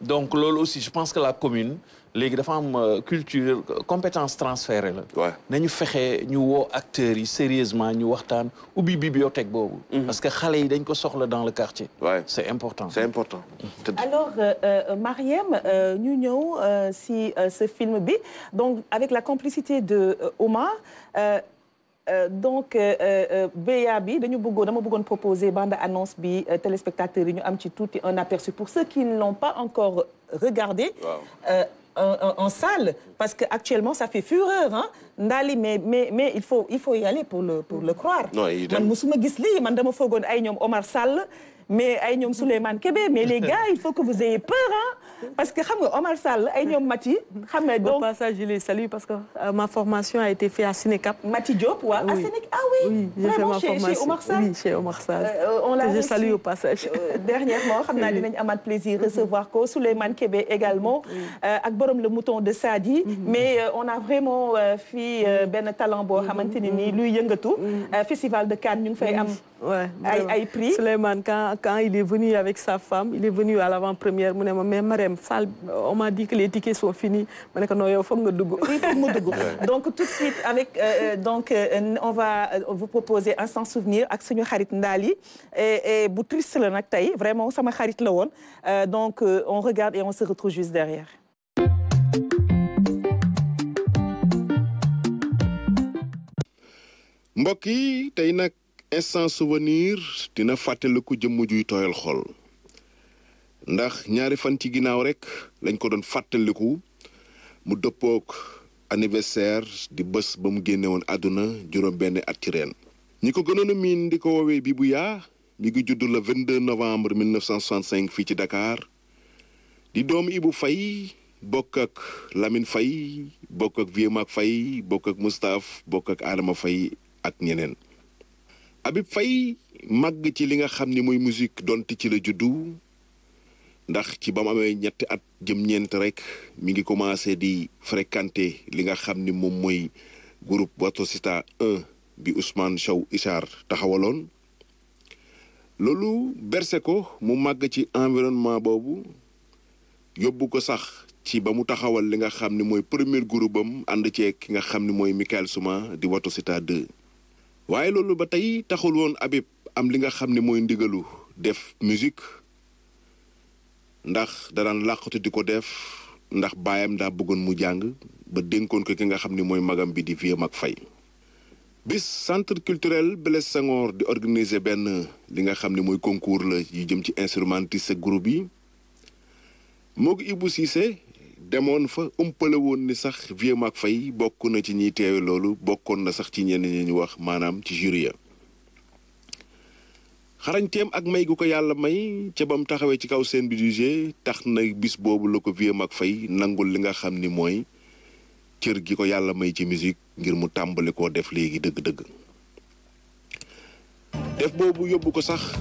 donc là aussi je pense que la commune les femmes culturelles, culture transférées, transférée Nous nañu des acteurs sérieusement ñu waxtaan ubbi bibliothèque mhm. parce que les yi dañ ko dans le quartier c'est important c'est important alors euh, euh, Mariem nous euh, savons si ce film bi donc avec la complicité de Omar donc BA bi dañu bëggoon dama bëggoon proposer bande annonce bi téléspectateurs nous avons am un aperçu pour ceux qui ne l'ont pas encore regardé en, en, en salle, parce qu'actuellement, ça fait fureur. Hein? Ndali, mais, mais, mais il, faut, il faut y aller pour le, pour le croire. Non, il... Man, Omar Sall, mais ay ñoom Kébé mais les gars il faut que vous ayez peur hein parce que xam Omar Sall ay Mati. donc au passage je les salue parce que euh, ma formation a été faite à Sinecap. Mati Diop ouais. à Sinecap, ah oui. oui j'ai fait ma formation chez Omar Sall oui chez Omar Sall. Euh, euh on l'a salue au passage. Dernièrement, euh, dernièrement xam naa dinañ amaat plaisir de recevoir ko Souleyman Kébé également. ak borom le mouton de Sadi. Mhm. mais on a vraiment fait mhm. Ben talent boo xamante ni mhm. luy festival de Cannes ñu ngi fay am. ay prix Souleyman, quand il est venu avec sa femme il est venu à l'avant-première mu mais on m'a dit que les tickets sont finis ma ne ko non donc tout de suite avec euh, euh, donc euh, on va vous proposer un sans souvenir ak suñu xarit Ndali et bu triste vraiment sama xarit la woon donc on regarde et on se retrouve juste derrière Mboki, tu instant souvenir dina fàttaliku jëmm juy tooyal xol ndax ñaari fan ci ginnaaw rek lañ ko doon fàttaliku mu dëppook anniversaire di bés ba mu génne woon àdduna juróom benn at ci ñi ko gënoon a miin di ko woowee Bibuya mi ngi judd le 22 novembre 1965 fii ci dakaar di doom Ibou Faye bokk ak Lamine fay bokk ak Vieux Mac Faye bokk ak Moustapha bokk ak Adama Faye ak ñeneen Habib fay màgg ci li nga xam ni mooy musique donte ci la juddu ndax ci ba mu amee ñetti at jëm ñeent rek mu ngi commencé di fréquenter li nga xam ni moom mooy groupe Watosita 1 bi Ousmane Sow Ishar taxawaloon loolu berse ko mu màgg ci environnement boobu yóbbu ko sax ci ba mu taxawal li nga xam ni mooy premier groupe am ànd ceeg ki nga xam ni mooy Michael Souma di Watosita 2 waaye loolu ba tey taxul woon Habib am li nga xam ni mooy ndigalu def musique ndax danaan làqatu di ko def ndax baayam daa bëggoon mu jàng ba dénkoon ko ki nga xam ni mooy magam bi di Vieux Mac fay bis centre culturel Blaise Senghor di organiser benn li nga xam ne mooy concours la yu jëm ci instrumentiste groupe yi moo ko Ibou Cissé demoon fa ëmpale woon ni sax Vieux Mac Faye bokk na ci ñiy teewe loolu bokkoon na sax ci ñeneen ñi ñu wax maanaam ci jury xarañteem ak may gu ko yàlla may ca bam taxawee ci kaw seen budget tax na bis boobu la ko Vieux Mac Faye nangul li nga xam ni mooy cër gi ko yàlla may ci musique ngir mu tàmbali koo def léegi dëgg-dëgg def boobu yóbbu ko sax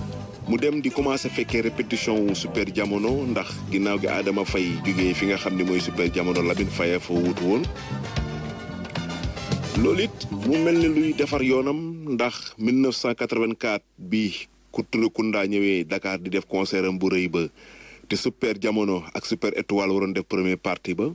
mu dem di commencé fekkee répétition super jamono ndax ginnaaw gi aadama fay juga fi nga xam ne super jamono labin faye fa wut won lolit it mu mel ni luy defar yoonam ndax 1984 bi kutulu kunda ñëwee dakar di def concert am bu ba te super jamono ak super étoile waroon def premier partie ba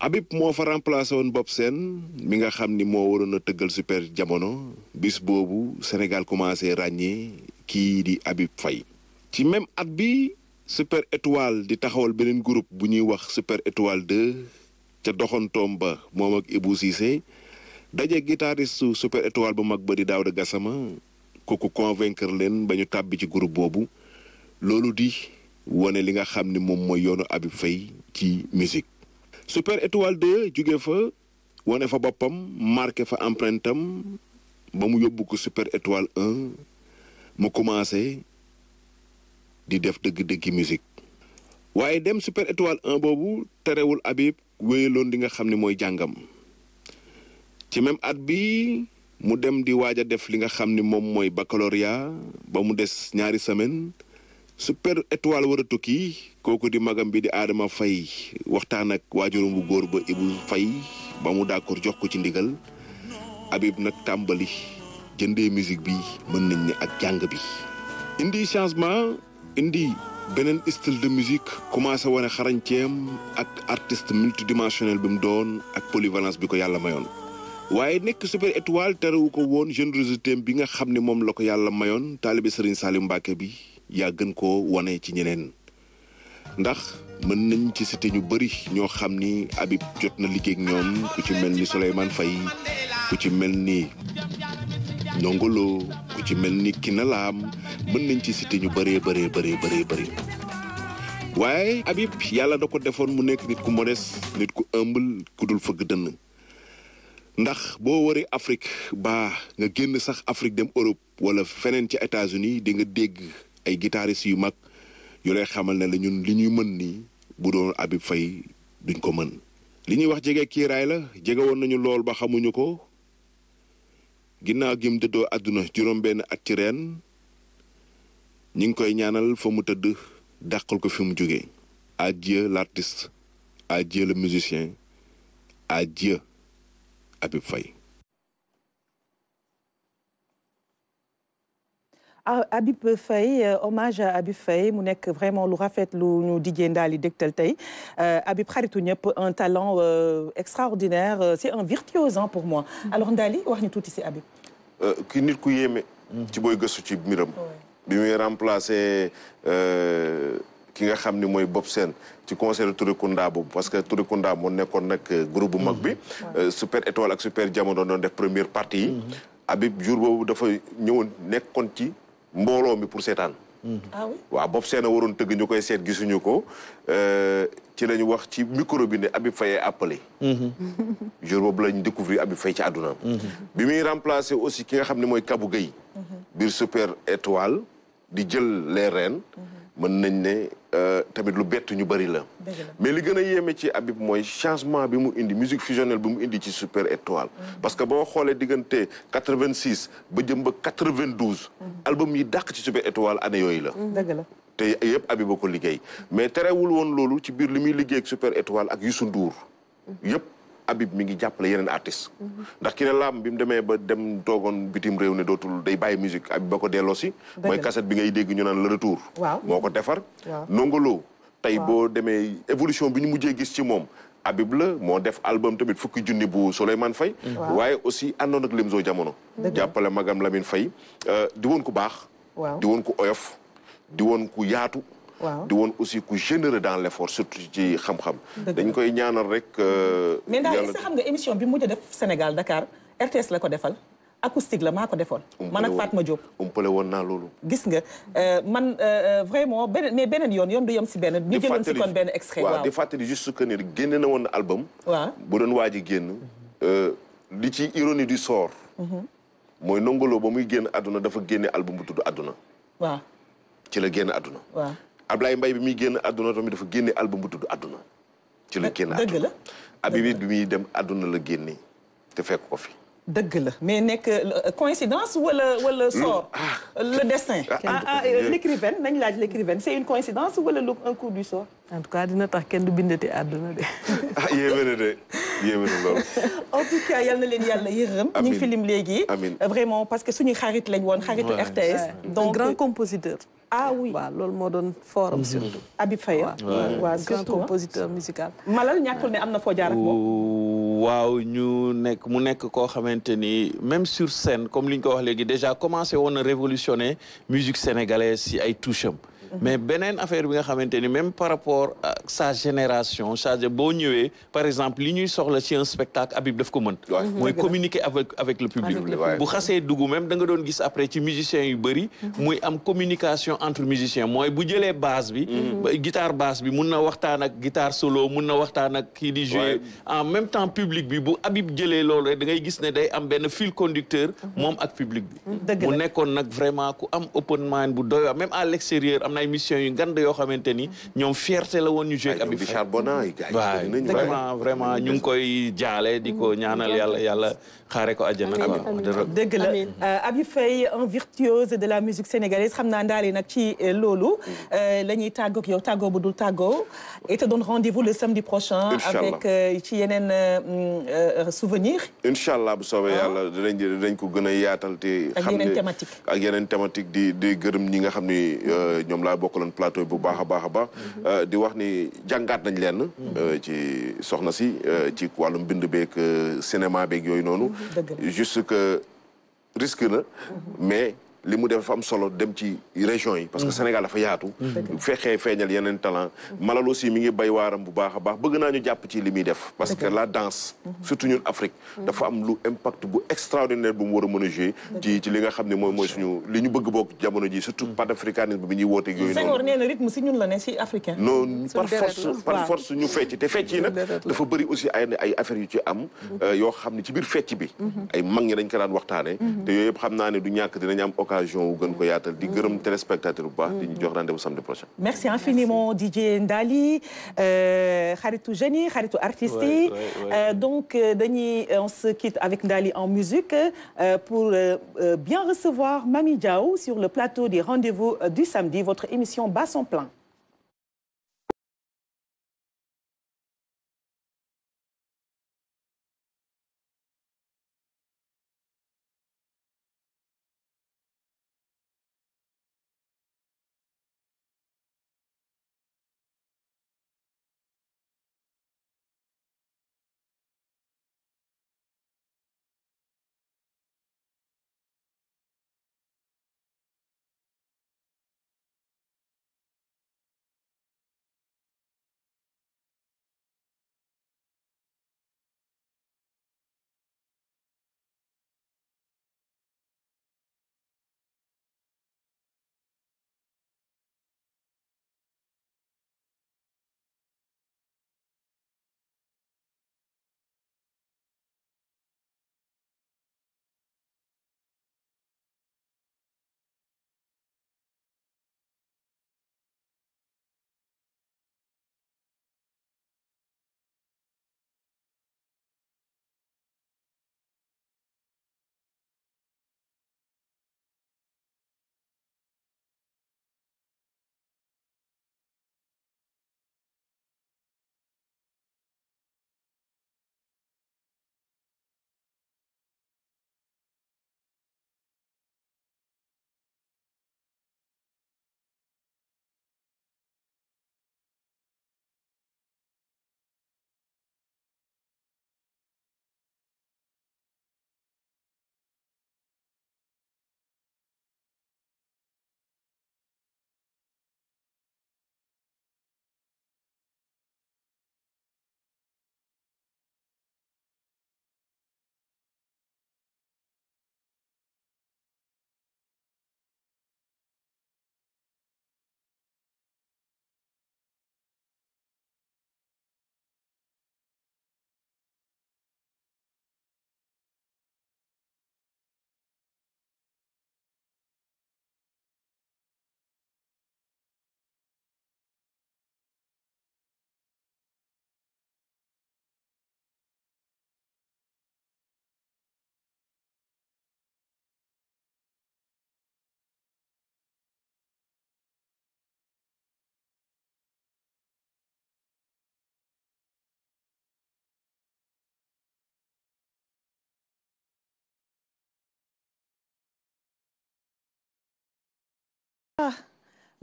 abib mo fa remplacé woon bob sen mi nga xam ni moo waroon super jamono bis Senegal sénégal commencé ràññee kii di Habib fay ci même at bi Super Étoile di taxawal beneen groupe bu ñuy wax Super Étoile 2 ca doxantoom ba moom ak Ibou Cissé daje guitariste su Super Étoile bu mag ba di Daouda Gassama kooku convaincre leen ba ñu tàbbi ci groupe boobu loolu di wane li nga xam ni moom mooy yoonu Habib fay ci musique Super Étoile 2 jóge fa wane fa boppam marqué fa empreinte ba mu yóbbu ko Super Étoile 1 mu commencé di def dëgg music. musique dem super étoile 1 boobu terewul Habib wéyaloon di nga xam ne mooy jàngam ci même at bi mu dem di waja deflinga def li nga xam ni moom baccalauréat ba mu des ñaari semaine super étoile war a tukki kooku di magam bi di Adama Faye waxtaan ak waajuram bu góor ba Ibou Faye ba mu d'accord jox ko ci ndigal jëndee musique bi mën nañ ne ak jàng bi indi changement indi beneen style de musique commencé wane xarañteem ak artiste multidimensionnel bi mu doon ak polyvalence bi ko yàlla mayoon waaye nekk super étoile terewu ko woon générosité bi nga xam ne moom la ko yàlla mayoon taalibe Serigne Salim Mbacke bi yaa gën koo wane ci ñeneen ndax mën nañ ci cité ñu bëri ñoo xam ni Habib jot na liggéey ak ñoom ku ci mel ni Souleymane fay ku ci mel ni ñongolo ku ci mel ni ki na laam mën nañ ci cité ñu bëree bëree bëree bëree bëri waaye Habib yàlla da ko defoon mu nekk nit ku modeste nit ku ëmbal ku dul fëgg dënn ndax boo waree Afrique ba nga génn sax Afrique dem Europe wala feneen ci États-Unis di nga dégg ay guitaristes yu mag yu lay xamal ne la ñun li ñuy mën nii bu doon Habib Faye duñ ko mën li ñuy wax jege kiiraay la jegewoon nañu lool ba xamuñu ko ginnaaw gi mu dëddoo àdduna juróom benn at ci reen ñu ngi koy ñaanal fa mu tëdd dàqal ko fi mu jógee adieu l'artiste adieu le musicien adieu Habib Faye Abib Faye euh, hommage à Abib Faye mon nek vraiment l'aura rafet lu ñu dijee ndaal yi tay. tey euh, Habib xaritu un talent euh, extraordinaire c'est un virtuose hein, pour moi mm-hmm. alors Ndali wax tout ici Abib. Habib ki nit ku yéeme mm-hmm. ci boy geussu ci miram. bi muy euh ki nga xamni ni Bob Sen ci concert Touré Kounda bob parce que Touré Kounda mo nekkoon nak groupe bu mag bi mm-hmm. Super Étoile ak Super Jamono doon def première partie Abib Habib jour boobu dafa ñëwoon nekkoon ci mbooloo mi pour seetaan. ah oui waaw bopp seen a waroon tëgg ñu koy seet gisuñu ko euh, ci la ñu wax ci micro bi ne Habib Faye appelé. Mm-hmm. jour boobu lañ découvrir Habib Faye ci àdduna mm-hmm. bi muy remplacer aussi ki nga xam ne mooy Kabou Gueye. Mm-hmm. biir super étoile di jël les rênes. mën nañ ne. Euh, tamit lu bett ñu bëri la mais li gën a yéeme ci Habib mooy changement bi mu indi musique fusionnelle bi mu indi ci Super Étoile mm-hmm. parce que boo xoolee diggante 86 ba jëm ba 92 mm-hmm. album yi dàq ci Super Étoile année yooyu la mm-hmm. dëgg la te yëpp Habib a ko liggéey mais terewul woon loolu ci biir li muy liggéey ak Super Étoile ak Youssou Ndour yëpp Habib mi ngi jàppale yeneen artiste mhm. ndax ki ne laam bi mu demee ba dem toogoon bitim réew ne dootul day bàyyi musique Habib ba ko delloo si mooy cassette bi ngay dégg ñu naan le retour waaw moo ko defar nongoloo tey boo demee évolution bi ñu mujjee gis ci moom Habib moo def album tamit fukki junni bu Souleymane fay mhm. waaye aussi àndoon ak Lemzo Jamono jàppale magam Lamine fay euh, di woon ku baax di woon ku oyof diwoon ku yaatu di woon aussi ku généreux dans l'effort surtout ci xam-xam dañ koy ñaanal rek euh, mais ndax est-ce xam nga émission bi mu def Sénégal Dakar RTS la ko defal acoustique la mako ko man ak Fatma Diop umpale woon naa lolu gis nga euh, man euh, euh, vraiment benen mais beneen yoon yoon du yem ci benn ñu jëloon ci kon benn extrait waaw di fàttali juste que ni génne na woon album waaw bu doon waji a euh li ci ironie du sort -hmm. moy nongoloo ba muy génn aduna dafa génne album bu tudd àdduna waaw ci la génn àdduna waaw Ablaye Mbaye bi mi génn aduna tamit dafa génne album bu tudd aduna ci la génn dëgg la Habib it bi muy dem aduna la génne te fekk ko fi dëgg la mais nekk euh, euh, coïncidence wala wala sort ah. le destin ah, ah, ah euh, l'écrivaine nañ laaj c'est une coïncidence wala lu un coup du sort en tout cas dina tax kenn du bindati aduna de ah yéeme na de yéme na loolu en tout cas yal na leen yàlla yërëm ñu film légui vraiment parce que suñu xarit lañ won xaritu RTS donc grand compositeur ah oui waaw loolu forum mhm. surtout Abi grand hein. compositeur musical Malal ñàkkul ne am na foo jaar ak moom waaw ñu nekk mu nekk koo xamante même sur scène comme li ko wax léegi déjà commencé woon révolutionner musique sénégalaise si ay toucham mais benen affaire bi nga xamanteni même par rapport à sa génération chargé bo ñëwee par exemple li ñuy soxla ci un spectacle Habib daf ko mën moy communiquer avec avec le public bu xasee dugg même da nga doon gis après ci musiciens yu bëri moy mhm. am communication entre musiciens moy bu jëlee basse bi mhm. guitare basse bi mun na waxtaan ak guitare solo mun na waxtaan ak ki di jouer en même temps public bi bu Habib jëlee loolu da ngay gis ne day am benn fil conducteur mom mhm. ak public bi mu nekkoon vraiment ku am open mind bu doy même à l'extérieur am na émission yu ngand yo xamanteni ñom fierté la woon ñu jé ak Bichar Bona vraiment vraiment ñu ngi koy jalé diko mm. ñaanal yalla yalla xaré ko aljana deug la euh, Abi Faye un virtuose de la musique sénégalaise xamna naa nak ci euh, lolu mm. euh, lañuy ñuy ak yow tàggoo bu dul tàggoo mm. et te donne rendez-vous le samedi prochain avec ci yenen souvenir inshallah bu soobee ah. yalla dinañ dinañ ko gën a yaatal te xam ne ak yenen thématique di di gërëm ñi nga xamné ñom laa bokkaloon plateau bu baax a baax a baax euh, di wax ni jàngaat nañ leen euh, ci soxna si euh, ci wàllum bind beeg cinéma beeg yooyu noonu juste que risque na mhm. mais li mu def am solo dem ci région yi parce que mm-hmm. Sénégal dafa yaatu mm-hmm. fexee feeñal yeneen talent mm-hmm. malal aussi mi ngi bay waaram bu baax a baax bëgg naa ñu jàpp ci li muy def parce que la danse surtout ñun Afrique dafa am lu impact bu extraordinaire bu mu war a mën a jouer ci ci li nga xam ne mooy mooy suñu li ñu bëgg bokk jamono ji surtout panafricanisme bi ñuy woote yooyu noonu nee na rythme si ñun la ne si africain non par force par force ñu fecc te fecc yi nag dafa bëri aussi ay ay affaires yu ci am euh, yoo xam ne ci biir fecc bi ay mag ñi dañ ko daan waxtaane te yooyu yëpp xam naa ne du ñàkk dinañ am occasion wu gën ko yaatal di gërëm téléspectateur bu baax di jox rendez-vous samedi prochain merci infiniment Didier Ndali euh, xaritu jeunes yi xaritu artistes euh, donc euh, dañuy on se quitte avec Ndali en musique pour bien recevoir Mami Diaw sur le plateau des rendez-vous du samedi votre émission Bat son plein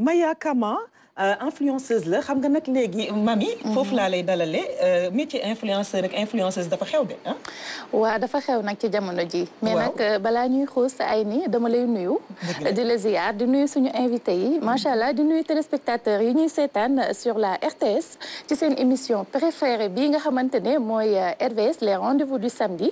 Mayakama Euh, influenceuse la xam nga nak léegi mami. Mhm. fofu la, lay dalalee euh, métier influenceur rek influenceuse dafa xew de ah. waaw dafa xew nak ci jamono ji mais nak euh, bala ñuy xoss ay ni dama lay nuyu. di la ziar di nuyu suñu invité yi mhm. machallah di nuyu téléspectateurs yi ñuy sétane sur la RTS ci seen émission préférée bi nga xamante moy RVS les rendez-vous du samedi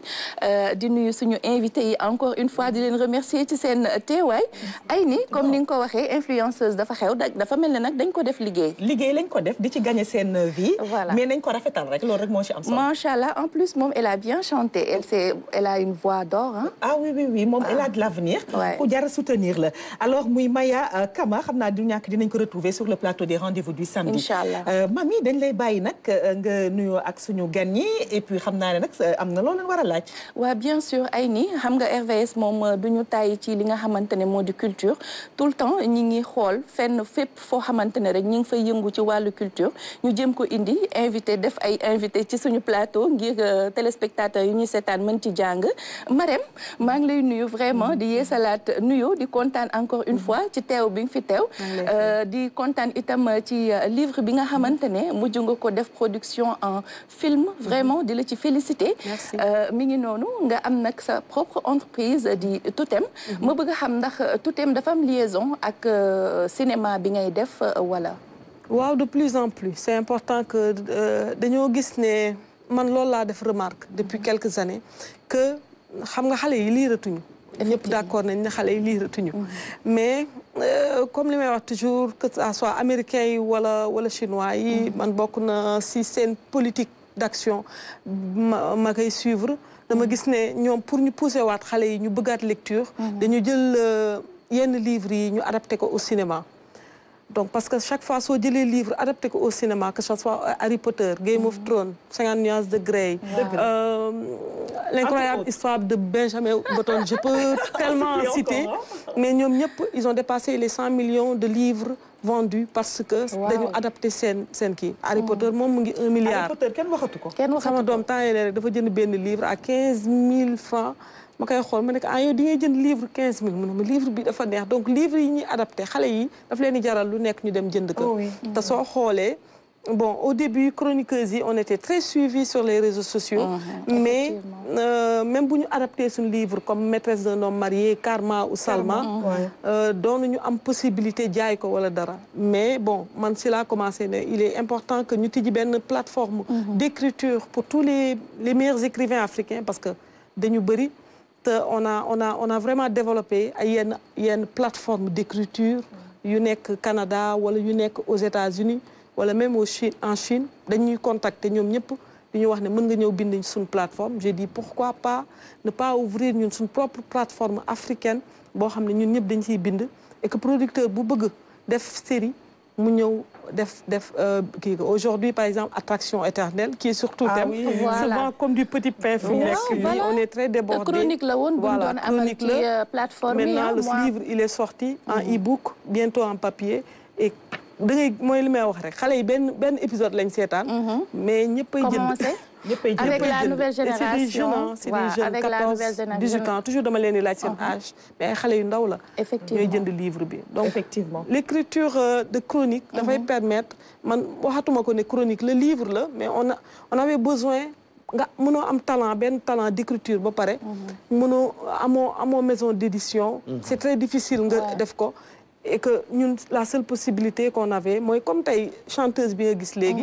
di nuyu suñu invité yi encore une fois di leen remercier ci seen téway mhm. ay ni comme ni nga ko waxee influenceuse dafa xew dafa melni nak ko def liguey liguey lañ ko def di ci gagner sen vie mais nañ ko rafetal rek lool rek mo ci am solo machallah en plus mom elle a bien chanté elle c'est elle a une voix d'or hein. ah oui oui oui mom elle a de ah. l'avenir ko jar soutenir la alors muy Maya euh, Kama xamna naa du ñàkk dinañ ko retrouver sur le plateau des rendez-vous du samedi inshallah allah euh, mami dañ lay bayyi nak euh, nga nuyo ak suñu gan et puis xamna né nak amna am loolu leen wara laaj wa bien sûr aini, xam nga RVS mom duñu tay ci li nga xamantene ne di culture tout le temps ñi ngi xol fenn fep fo xamantene ne rek ñi ngi fay yëngu ci walu culture ñu jëm ko indi invité def ay invité ci suñu plateau ngir euh, téléspectateurs yu ñuy sétane mën ci jang Marème ma ngi lay nuyu vraiment di yeesalaat nuyu di contane encore une fois ci teew bi fi teew euh, di contane itam ci euh, livre bi nga xamantene ne mujj nga ko def production en film mm-hmm. vraiment di la ci félicité mi ngi noonu nga am nak sa propre entreprise di Totem mm-hmm. ma bëgg xam ndax Totem dafa am liaison ak cinéma bi ngay def wala. waaw de plus en plus c'est important que euh, dañoo gis ne man loolu laa def remarque depuis quelques années que xam nga xale yi liiratuñu. ñëpp d'accord nañ ne xale yi liiratuñu. Mm-hmm. mais euh, comme li may wax toujours que ça soit américain yi wala wala chinois yi. Mm-hmm. man bokk na si seen politique d'action ma ma koy suivre. dama gis ne ñoom pour ñu pousser waat xale yi ñu bëggaat lecture. Mm-hmm. dañu jël euh, yenn livres yi ñu adapté ko au cinéma donc parce que chaque fois on dit les livres adaptés au cinéma que ce soit euh, Harry Potter Game of mm. Thrones 50 nuances de Grey euh, l'incroyable histoire de Benjamin Button je peux tellement citer hein. mais ils ont dépassé les 100 millions de livres vendus parce que ont adapté scène scène Harry mm. Potter 1 un milliard Harry Potter waxatu ko sama temps il rek dafa livre à 15 000 francs je koy xool ne ko ah, di ngay jënd livre 15000 15 000, ma livre bi dafa neex donc livre yi ñi adapté xalé yi daf leen di jaral lu nekk ñu dem jënd oh bon au début chroniqueuse, on était très suivis sur les réseaux sociaux oh, mais euh, même si ñu adapté un livre comme maîtresse d'un homme marié Karma ou Salma euh, doonu ñu am possibilité jaay ko wala mais bon man si a commencé il est important que nous ayons une plateforme mhm. d'écriture pour tous les meilleurs écrivains africains parce que dañu beaucoup euh, on a on a on a vraiment développé une plateforme d'écriture yu Canada aux États-Unis ou même en Chine nous contacter nous tous pour voir wax nous plateforme j'ai dit pourquoi pas ne pas ouvrir notre propre plateforme africaine pour que ñun ñëpp et que producteur producteurs bëgg def série euh, aujourd'hui par exemple attraction éternelle qui est surtout ah comme du petit pain on est très débordé euh, chronique on on voilà chronique euh, plateforme maintenant hein, le livre il est sorti en mhm. e-book bientôt en papier da ngay mooy li may wax rek xale yi benn benn épisode lañ seetaan. Mhm. mais ñëppay jënd commencé. ñëppay jënd avec la nouvelle génération c'est des hein, jeunes avec la nouvelle génération 18 ans toujours dama ma di laaj mhm. âge. mais ay xale yu ndaw la. effectivement ñooy jënd livre bi donc. effectivement l'écriture euh, de chronique. dafay mhm. permettre man waxatuma ko connais chronique le livre la mais on a on avait besoin. nga mënoo am talent ben talent d'écriture ba paré mënoo amo amo maison d'édition. c'est très difficile nga def ko et que la seule possibilité qu'on avait moi, comme es chanteuse bien, nga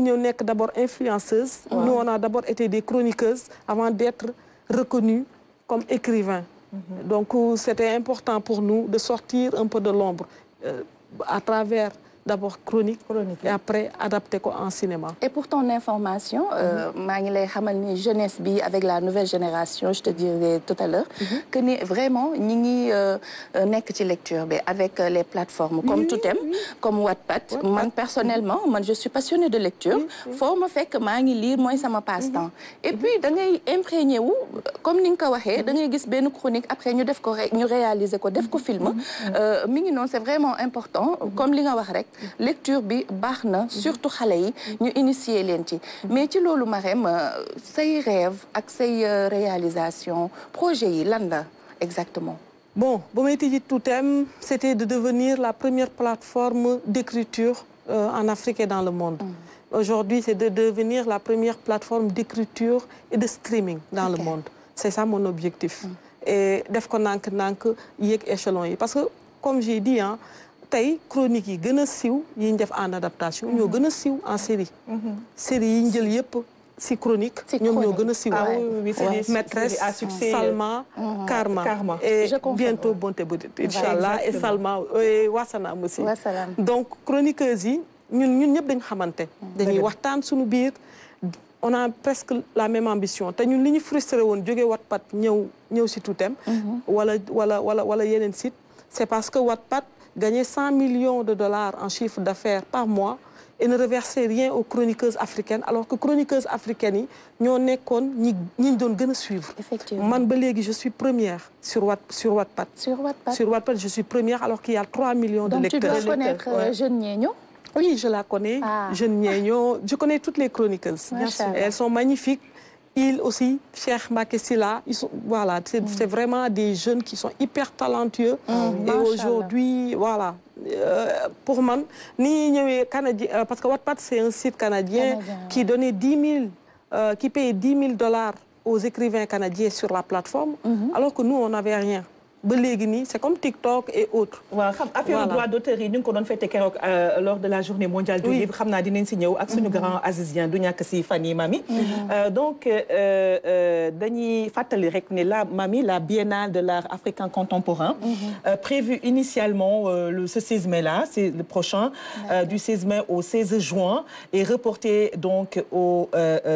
nous, on est d'abord influenceuse nous on a d'abord été des chroniqueuses avant d'être reconnues comme écrivains. Mm-hmm. donc c'était important pour nous de sortir un peu de l'ombre euh, à travers d'abord chronique. chronique. et après adapté quoi en cinéma. et pour ton information. je euh, mhm. ngi lay jeunesse bi avec la nouvelle génération je te dirai tout à l'heure mhm. que ni vraiment ni ngi euh, lecture avec euh, les plateformes comme Totem comme Wattpad Moi, personnellement moi je suis passionnée de lecture. Faut ma que que lit lire ça me mhm. passe-temps. et puis da ngay imprégné comme ni ko da ngay chronique après ñu def ko réaliser film. c'est vraiment important comme li nga wax lecture bi baxna surtout xalé yi ñu initier ci mais ci loolu Marème euh, say rêve ak say euh, réalisation projet yi lan exactement bon ba tout à thème, c'était de devenir la première plateforme d'écriture euh, en Afrique et dans le monde mm. aujourd'hui c'est de devenir la première plateforme d'écriture et de streaming dans le monde c'est ça mon objectif mm. et def ko nank nank échelon parce que comme j'ai dit hein tay chronique, yi en adaptation ñoo en série série yi chronique maîtresse Salma mhm. Karma et bientôt Bonté et Salma et aussi donc chroniqueuses yi ñun ñun ñëpp dañ mhm. on a presque la même ambition te ñun mhm. si c'est parce que Wattpad gagner 100 millions de dollars en chiffre d'affaires par mois et ne reverser rien aux chroniqueuses africaines alors que chroniqueuses africaines nous ne sommes pas suivre. je suis première sur Wattpad. sur Wattpad je suis première alors qu'il y a 3 millions de lecteurs. donc tu dois connaître euh, Jeune Nienyo oui je la connais. Ah. Jeune je connais toutes les chroniqueuses. elles sont magnifiques. Ils aussi, Cheikh Makessila, voilà, mm. c'est vraiment des jeunes qui sont hyper talentueux. Mm. Et aujourd'hui, voilà, euh, pour moi, euh, parce que Wattpad, c'est un site canadien, qui donnait 10 000, euh, qui payait 10 000 dollars aux écrivains canadiens sur la plateforme, mm-hmm. alors que nous, on n'avait rien c'est comme TikTok et autres. Oui, xam droit d'auteur euh, lors de la journée mondiale du livre Nous dinañ ñëw ak suñu mhm. grand azizien du mhm. et euh, donc euh, nous la Mamie, la biennale de l'art africain contemporain mhm. prévue initialement le ce 16 mai là c'est le prochain du 16 mai au 16 juin et reportée donc au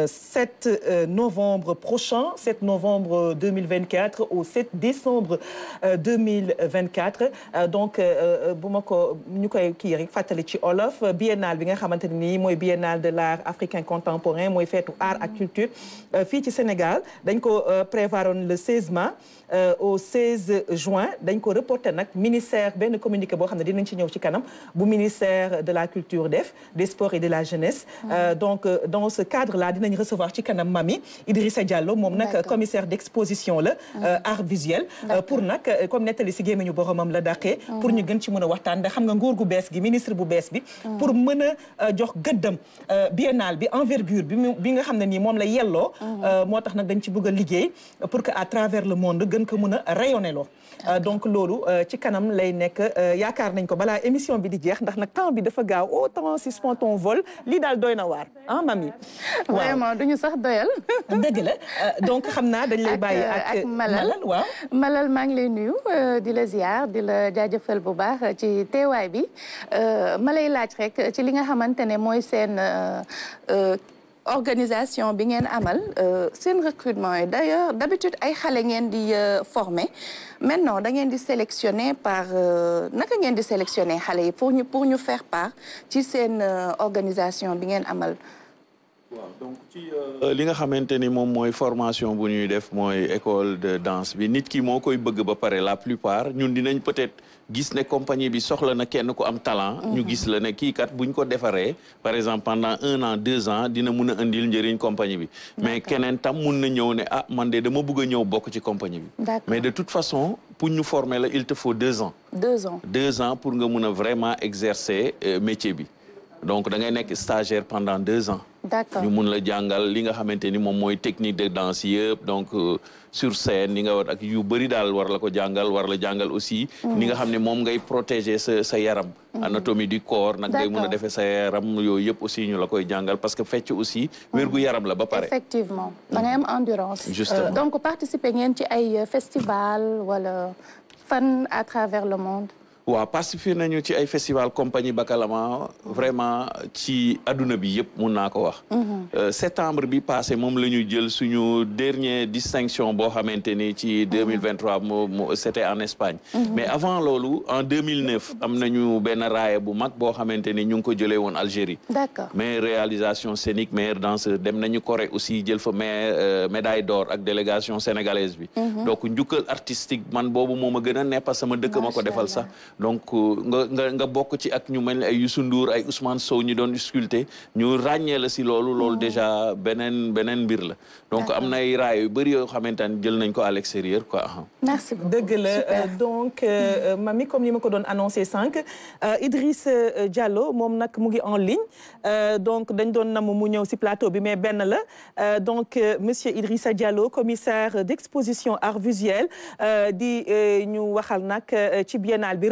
7 novembre prochain 7 novembre 2024 au 7 décembre 2024 euh, euh, donc nous euh, ma ko ñu olof biennale bi nga biennale de l'art africain contemporain moy fête art et culture fi ci Sénégal dañ ko le 16 mai euh, au 16 juin dañ ko reporté nag ministère ben communiqué boo xam dinañ ci ñëw ci kanam bu ministère de la culture def des sports et de la jeunesse. Euh, donc euh, dans ce cadre là dinañ recevoir ci kanam mami Idrissa Diallo mon nag commissaire d'exposition le art visuel. pour nag comme nettali si gémmiñu boromam la dàqee. pour ñu gën ci mën a waxtaan ndax xam nga nguur gu ministre bu bees bi. pour mener jox gëddam biennale bi envergure bi nga xam ni mom la yello, motax nak nag dañ ci bëgg liggéey pour que à travers le monde gën gën ko mën loo euh, donc loolu euh, ci kanam lay nekk euh, yaakaar nañ ko balaa émission bi di jeex ndax nag temps bi dafa gaaw autant oh, suspend ton vol lii dal doy na waar ah mami vraiment duñu sax doyal dëgg la donc xam naa dañ lay bàyyi ak malal waaw malal maa ngi lay nuyu di la ziar di la jaajëfal bu baax ci teewaay bi ma lay laaj rek ci li nga xamante ne mooy seen organisation bi ngeen amal euh, seen recrutement et d'ailleurs d'habitude, ay xalé ngeen di euh, former maintenant da ngeen di sélectionner par euh, naka ngeen di sélectionner xalé pour ñu pour ñu faire part ci seen organisation bi ngeen amal. donc ci li nga xamante ni moom formation bu ñuy def mooy école de danse bi nit ki moo koy bëgg ba pare la plupart ñun dinañ peut-être gis ne compagnie bi soxla na kenn ku am talent. Mhm. ñu gis la ne kii kat buñ ko defaree par exemple pendant un an deux ans dina mun a indil njëriñ compagnie bi. mais keneen tam mun na ñëw ne ah man de dama bëgg a ñëw bokk ci compagnie bi. mais de toute façon pour ñu former la il te faut deux ans. deux ans deux ans pour nga mun a vraiment exercer euh, métier bi donc da ngay nekk stagiaire pendant deux ans. d'accord ñu mun la jàngal li nga xamante ni moom technique de danse yëpp donc euh, sur scène ni nga war ak yu bëri daal war la ko jàngal war la jàngal aussi. Mm. ni nga xam ne moom ngay protéger sa sa yaram. Mm. anatomie du corps nak ngay mun a defee sa yaram yooyu yëpp aussi ñu la koy jàngal parce que fecc aussi. Mm. wérgu yaram la ba paré effectivement da ngay am endurance. justement euh, donc participer ngén ci ay festival wala fan à travers le monde wa pacifié nañu ci ay festival compagnie Bakalama vraiment ci aduna bi yëpp mun naa ko wax mhm. euh, septembre bi passé moom la ñu jël suñu dernier distinction boo xamante ni ci 2023 mhm. mu c'était en Espagne mhm. mais avant loolu en 2009 am nañu benn raaya bu mag boo xamante ni ñu ngi ko jëlee woon Algérie d'accord mais réalisation scénique meilleur danseur dem nañu Corée aussi jël fa meilleur médaille d'or ak délégation sénégalaise bi donc njukkal artistique man boobu moom a gën a neppa sama dëkk ma ko defal sax donc euh, nga nga bok ci ak ñu mel ay Youssou Ndour ay Ousmane Sow ñu doon sculpté ñu ragné la ci lolu lolu mm. déjà benen benen bir la donc am na ay raay yu bari yo xamante jël nañ ko à l'extérieur quoi. Hein. merci beaucoup dëgg la euh, donc euh, mm-hmm. mami comme ni mako ko doon annoncé sànq Idriss Diallo mom nak mu ngi en ligne donc dañ doon nam mu ñëw ci plateau bi mais benn la donc monsieur Idrissa Diallo commissaire d'exposition art visuel di ñu waxal nak ci biennale bi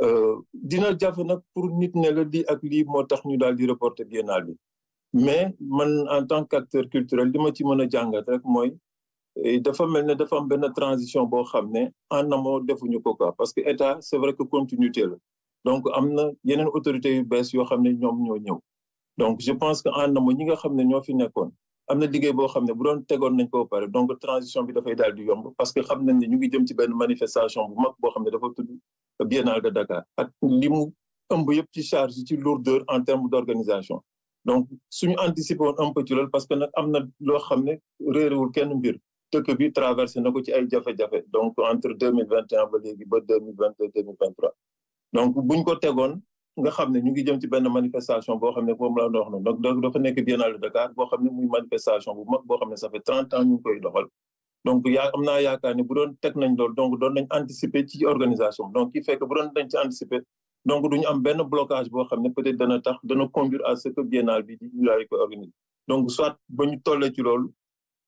Euh, dina jafe nak pour nit ne le di ak li motax ñu dal di reporter biennale bi mais man en tant qu'acteur culturel dima ci mën jangat rek moy eh, dafa melne dafa am ben transition bo xam en amo defuñu ko quoi parce que état c'est vrai que continuité la donc amna yenen autorité autorités yu bees yoo xam ne ñoo ñew donc je pense que en amo ñi nga xam ñoo fi nekkoon amna na bo boo bu doon tegoon nañ ko pare donc transition bi da fay dal di yomb parce que xamnañ nañ ne ñu ngi jëm ci ben manifestation bu mag bo xam dafa tuddu biennale de Dakar ak li mu ëmb ci charge ci lourdeur en termes d'organisation donc suñu anticiper woon un peu ci parce que nous am na loo xam ne réerewul kenn mbir dëkk bi traversé na ci ay donc entre 2021 et un ba léegi ba deux mille donc buñ ko tegoon nga xam ñu ngi jëm ci benn manifestation bo xam ne la dox donc dafa nekk biennale de Dakar bo xam muy manifestation bu mag bo xam ça fait 30 ans ñu koy doxal donc yaa am naa yaakaar ne bu doon teg nañ loolu donc doon nañ anticiper ci organisation donc qui fait que bu doon nañ ci anticiper donc duñu am benn blocage boo xam ne peut-être dana tax dana conduire à ce que biennale bi ñu laay ko organiser donc soit ba ñu tollee ci loolu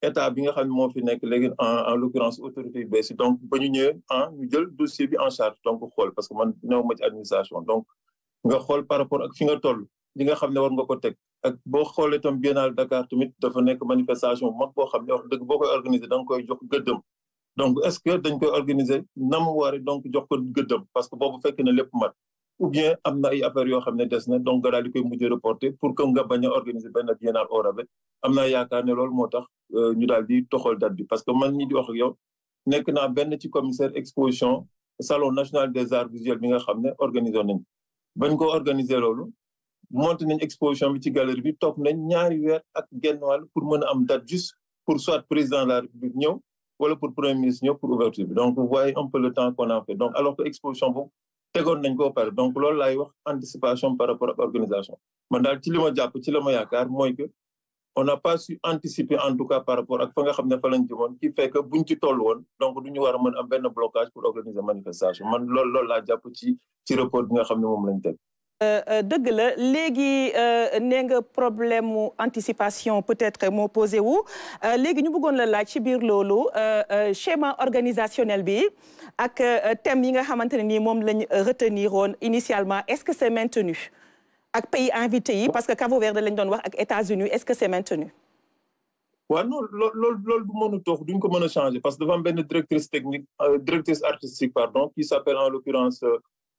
état bi nga xam ne moo fi nekk léegi en en l'occurrence autorité yu bees yi donc ba ñu ñëwee ah ñu jël dossier bi en charge donc xool parce que man néew ma ci administration donc nga xool par rapport ak fi nga toll li nga xam ne war nga ko teg ak boo xoolee itam biennale Dakar tamit dafa nekk manifestation bu mag boo xam ne wax dëgg boo koy organiser da nga koy jox gëddëm donc est ce que dañ koy organiser nam waare donc jox ko gëddëm parce que boobu fekk na lépp mat ou bien am na ay affaires yoo xam ne des na donc nga daal di koy mujj reporté pour que nga bañ a organiser benn biennale au rabais am naa yaakaar ne loolu moo tax euh, ñu daal di toxal date bi parce que man ñi di wax ak nekk naa benn ci commissaire exposition salon national des arts bi nga xam ne organiser nañ bañ ko organiser loolu monté une exposition bi ci galerie bi top nañ ñaari weer ak genn wàll pour mën am date juste pour soit président de la république ñew wala pour premier ministre ñew pour ouverture bi donc vous voyez un peu le temps qu'on a fait donc alors que exposition bu tegoon nañ ko pare donc lool lay wax anticipation par rapport à organisation man dal ci li japp ci la yakar moy que on n'a pas su anticiper en tout cas par rapport ak fa nga xam ne fa lañ jëmoon qui fait que buñ ci toll woon donc nous ñu war am blocage pour organiser manifestation man loolu loolu laa jàpp ci ci report bi nga xam ne deug euh, la léegi euh, nee nga problème anticipation peut-être moo posé wu euh, ñu la laaj biir schéma organisationnel bi ak thème yi nga initialement est-ce que c'est maintenu ak pays invité parce que Cabo-Verde lañ wax États-Unis est-ce que c'est maintenu Oui, non du changer parce que devant directrice technique directrice artistique pardon qui s'appelle en l'occurrence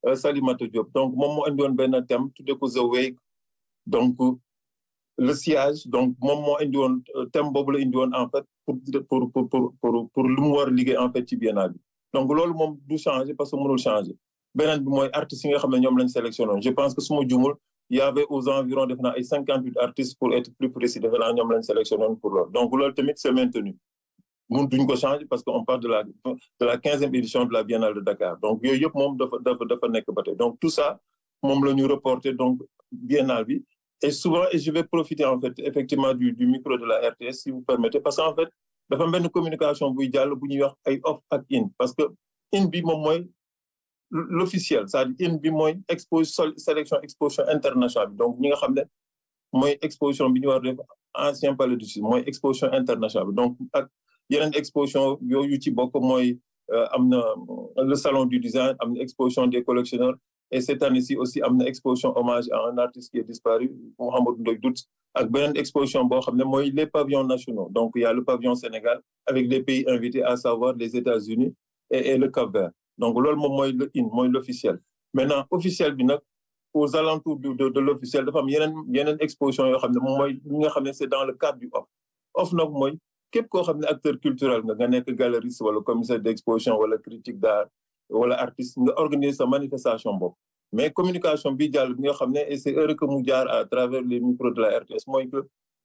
euh, Salimata Diop donc moi moi indi woon benn thème tout ko The Wake donc le sillage donc moi moi indi woon euh, thème boobu la indi en fait pour pour pour pour pour lu mu war ligué, en fait ci biennale donc loolu moom du changer parce que mënul changer beneen bi moi artiste yi nga xam ne lañ sélectionné je pense que su ma il y avait aux environs de naa ay artistes pour être plus précis de naa lañ sélectionné pour leur. donc loolu tamit c'est maintenu mun duñ ko changer parce que on parle de la de la quinzième édition de la Biennale de Dakar donc il y a dafa dafa dafa nekk donc tout ça moom la reporter donc Biennale bi et souvent et je vais profiter en fait effectivement du du micro de la RTS si vous permettez parce qu'en en fait dafa benn communication buy jàll bu ñuy wax ay off ak in parce que in bi l'officiel c'est-à-dire in bi exposition sélection exposition internationale donc ñi nga xam exposition bi ñu war ancien palais du Sud mooy exposition internationale donc une exposition yooyu ci bokk mooy euh, am euh, le salon du design am exposition des collectionneurs et cette année-ci aussi une exposition hommage à un artiste qui est disparu Mohamed Il y ak une exposition boo xam ne les pavillons nationaux donc il y a le pavillon Sénégal avec les pays invités à savoir les États-Unis et, le Cap-Vert donc loolu moom mooy le in mooy l'officiel maintenant officiel bi aux alentours de de, l'officiel il y a une exposition yoo xam ne nga c'est dans le cadre du off off nag mooy képp koo a ne acteur culturel nga nga nekk galeriste wala commissaire d'exposition wala critique d'art wala artiste nga organise sa manifestation bopp mais communication bi jàll bi et c'est heureux que mu jaar à travers les micros de la RTS mooy que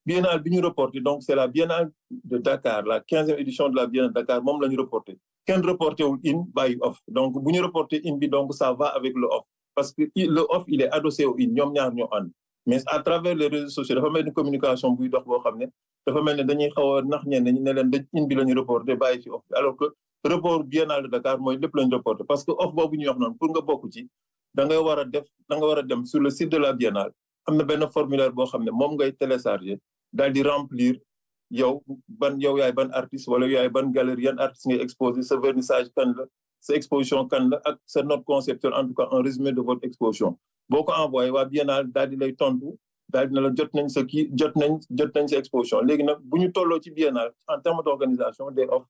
biennale bi ñu reporté donc c'est la biennale de Dakar la 15e édition de la biennale de Dakar moom la ñu reporté kenn reporté wul in bàyyi off donc bu ñu reporté in bi donc ça va avec le off parce que le off il est adossé au in ñoom ñaar ñoo mais à travers les réseaux sociaux dafa mel une communication buy dox boo xam ne dafa mel ne dañuy xaw a nax ñenn ñi ne leen dañ une bi la ñu reporté bàyyi ci off bi alors que report biennale de Dakar mooy lépp lañu reporté parce que off boobu ñuy wax noonu pour nga bokk ci da ngay war def da nga war dem sur le site de la biennale am ben benn formulaire boo xam ne moom ngay télécharger daal di remplir yow ban yow yaay ban artiste wala yaay ban galerie yan artiste ngay exposé ce vernissage kan la sa exposition kan la ak sa note conceptuelle en tout cas un résumé de votre exposition boko ko envoyé waa biennale daal di lay tondu dal dina la jot nañ sa ki jot nañ jot nañ sa exposition léegi nak buñu tolo ci bienal en terme d'organisation des offres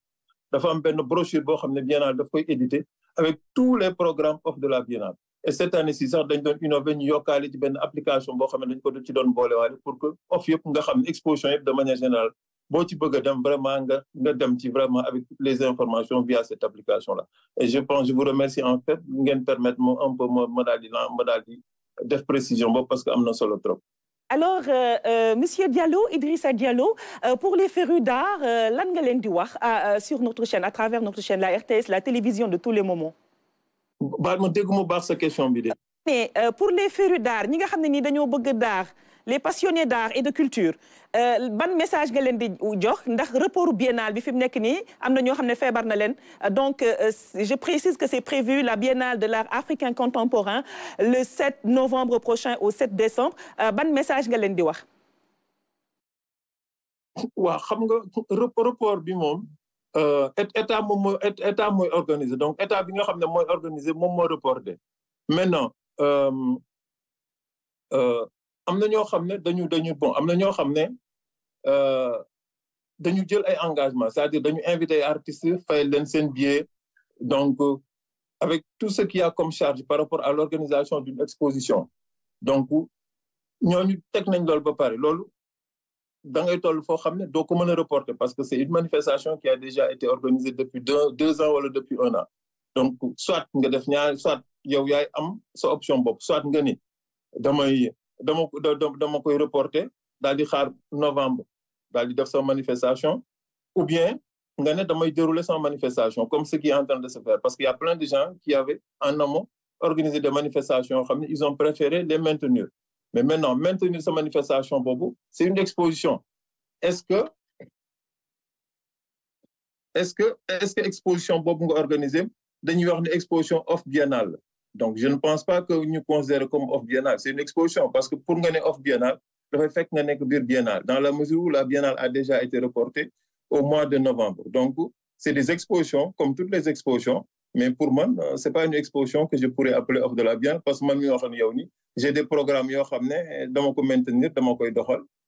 dafa am ben brochure bo xamné bienal daf koy édité avec tous les programmes offres de la biennale et cette année ci sax dañ doon innové ñu yokkaale ci ben application bo xamné dañ ko ci doon boolewaale pour que offre yépp nga xam exposition yépp de manière générale bon tu bëgg garder vraiment nga nga vraiment avec les informations via cette application là et je pense je vous remercie en fait me permettre un peu ma ma di précision parce que amener sur solo trop alors euh, euh, monsieur Diallo Idrissa Diallo euh, pour les férus d'art lan nga sur notre chaîne à travers notre chaîne la RTS la télévision de tous les moments question mais pour les férus d'art ni nga xam ne d'art les passionnés d'art et de culture euh, ban message nga leen di jox ndax report biennal, bi fi mu a été am ñoo ne donc euh, je précise que c'est prévu la biennale de l'art africain contemporain le 7 novembre prochain au 7 décembre euh, ban message nga leen di wax waaw report bi Euh, état moi organisé donc état bi nga xamné ne organisé moom moo maintenant am na ñoo xam dañu dañu bon am ñoo euh, dañu jël ay engagement c'est-à-dire dañu invité artistes fay leen seen billet donc euh, avec tout ce qu'il y a comme charge par rapport à l'organisation d'une exposition donc ñooñu teg nañ loolu ba pare loolu da ngay toll foo xam ne ko mën reporter parce que c'est une manifestation qui a déjà été organisée depuis deux ans ou depuis un an donc soit nga def ñaar soit yow yaay am sa option bopp soit nga ni damay de mon koy reporté dans di novembre dans di def sa manifestation ou bien nga ne damay manifestation comme ce qui est en train de se faire parce qu'il y a plein de gens qui avaient en amont organisé des manifestations ils ont préféré les maintenir mais maintenant maintenir sa manifestation c'est une exposition est-ce que est-ce que est-ce que exposition organisé exposition off biennale donc je ne pense pas que nous considère comme off biennale c'est une exposition parce que pour gagner off biennale le fait que nous biir biennale dans la mesure où la biennale a déjà été reportée au mois de novembre donc c'est des expositions comme toutes les expositions mais pour ce euh, c'est pas une exposition que je pourrais appeler off de la biennale parce que moi, j'ai des programmes qui xam dans euh, dama maintenir dama koy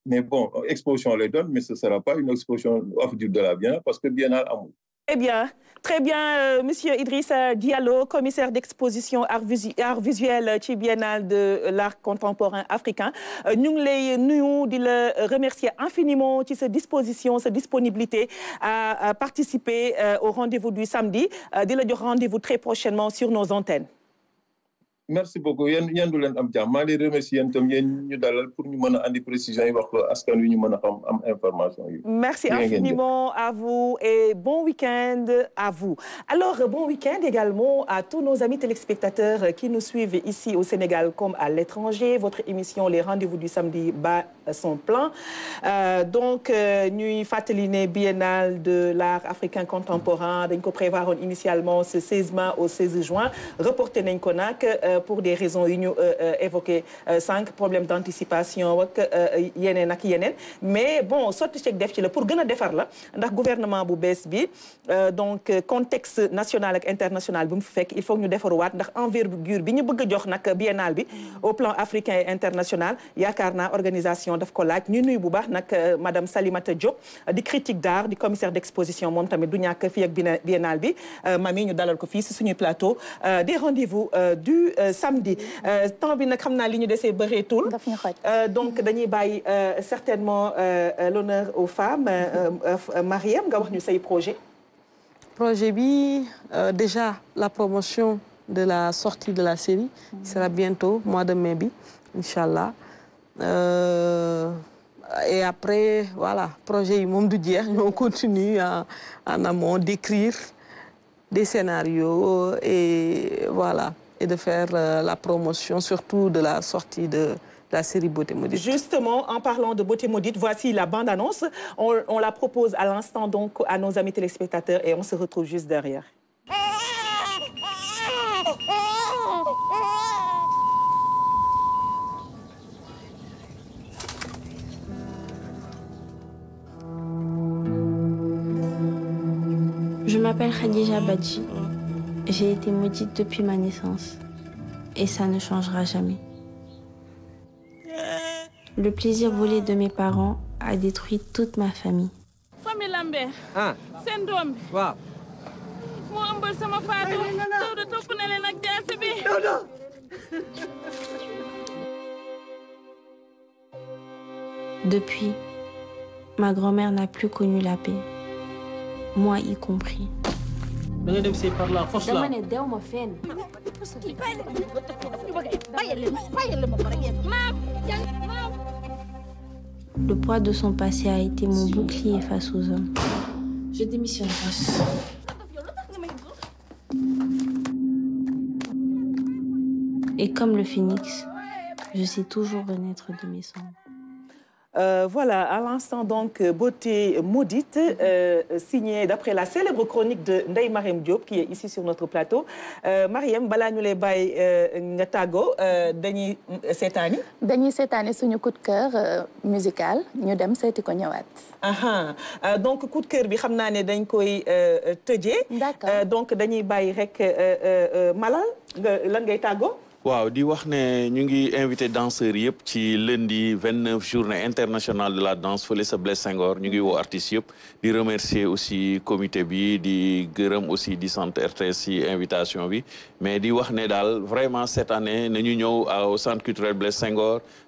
mais bon exposition les donne, mais ce sera pas une exposition off de la biennale parce que biennale amour. Eh bien, Très bien, euh, Monsieur Idriss Diallo, commissaire d'exposition art, visuel Biennale de l'art contemporain africain Nous euh, ngi lay remercier infiniment de sa disposition sa disponibilité à, participer euh, au rendez-vous du samedi euh, rendez-vous très prochainement sur nos antennes merci beaucoup am remercier pour ñu merci infiniment à vous et bon week-end à vous. alors bon week-end également à tous nos amis téléspectateurs qui nous suivent ici au Sénégal comme à l'étranger votre émission les rendez-vous du samedi bas, son plan euh, donc nuit euh, fateline biennale de l'art africain contemporain d'un ko initialement ce 16 mai au 16 juin reporté nañ euh, euh, pour des raisons yu euh, euh, évoquées, cinq problèmes d'anticipation ak yeneen mais bon sotti chèque def pour gagner des defar la ndax gouvernement bu bees bi donc contexte national et international fekk il faut ñu defaruwaat ndax envergure bi ñu bëgg a jox nag biennale bi au plan africain et international yakarna organisation daf ko laaj ñu nuyu bu baax madame Salimata Diop di critique d'art di commissaire d'exposition moom tamit du ñàkk fii ak biennale bi mami ñu dalal ko fi, si suñuy plateau des rendez-vous du euh, samedi euh, Tant bi nous avons de de donc dañuy donne euh, certainement l'honneur aux femmes Mariam nga wax ñu projet projet bi déjà la promotion de la sortie de la série mhm. sera bientôt mois de mai bi inchallah et après voilà projet yi du on ñoo continue en amont d'écrire des scénarios et voilà et de faire euh, la promotion, surtout de la sortie de la série Beauté Maudite. Justement, en parlant de Beauté Maudite, voici la bande-annonce. On, la propose à l'instant donc à nos amis téléspectateurs et on se retrouve juste derrière. Je m'appelle Khadija Badji. J'ai été maudite depuis ma naissance et ça ne changera jamais. Le plaisir volé de mes parents a détruit toute ma famille. Depuis, ma grand-mère n'a plus connu la paix. Moi y compris. Le poids de son passé a été mon bouclier face aux hommes. Je démissionne, Et comme le phénix, je sais toujours renaître de mes cendres. Euh, voilà, à l'instant donc, Beauté maudite, mhm. euh, signée d'après la célèbre chronique de Ndeye Mariam Diop, qui est ici sur notre plateau. Euh, Mariam, balaa bay ngatago dany nga euh, année. dañuy seetaani. année, c'est suñu coup de cœur musical ñu dem ko donc coup de cœur bi xam que dañ koy d'accord donc dany bàyyi rek Malal nga lan nous di wax né ñu ngi invité danseurs yépp ci lundi 29 journée internationale de la danse fële sa Blaise Senghor ñu ngi wo artistes yépp di remercier aussi comité bi di gërëm aussi di centre RTS invitation bi mais di wax vraiment cette année nañu ñëw au centre culturel Blaise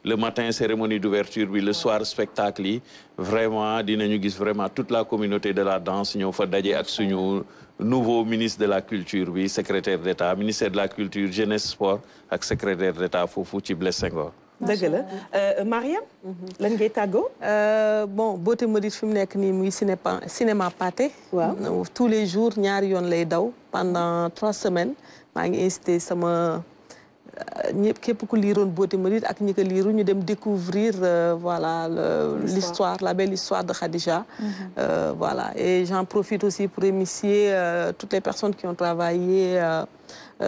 le matin cérémonie d'ouverture bi le soir spectacle yi vraiment dinañu gis vraiment toute la communauté de la danse ñëw fa fait ak suñu nouveau ministre de la culture oui, secrétaire d'État ministère de la culture jeunesse sport avec secrétaire d'État Fofu ci Blaise Senghor dëgg à euh, Mariam lan ngay euh, bon beauté maudite fi mu je cinéma cinéma pâté tous les jours ñaari yoon lay daw pendant trois semaines maa incité sama ñëpp képp ku liiroon Beauté Mérite ak ñi ko ñu dem découvrir euh, voilà l'histoire la belle histoire de Khadija mhm. euh, voilà et j'en profite aussi pour remercier euh, toutes les personnes qui ont travaillé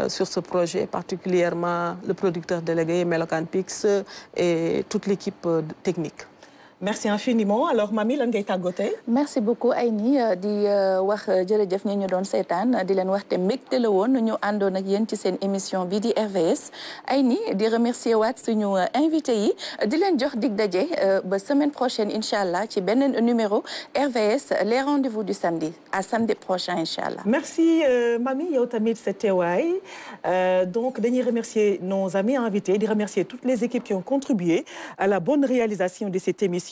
sur ce projet, particulièrement le producteur délégué Melocan Pix et toute l'équipe technique merci infiniment alors mami est à côté. merci beaucoup Aini euh, di euh, wax euh, jërëjëf ñi ñu doon seetaan di len wax té mekté la won ñu ak yeen ci seen émission bi di RVS Aini di remercier waat suñu invité yi di len jox dig ba semaine prochaine inshallah, ci un numéro RVS les rendez-vous du samedi à samedi prochain inshallah. merci mami yow tamit sa Euh, donc dañuy remercier nos amis invités di remercier toutes les équipes qui ont contribué à la bonne réalisation de cette émission.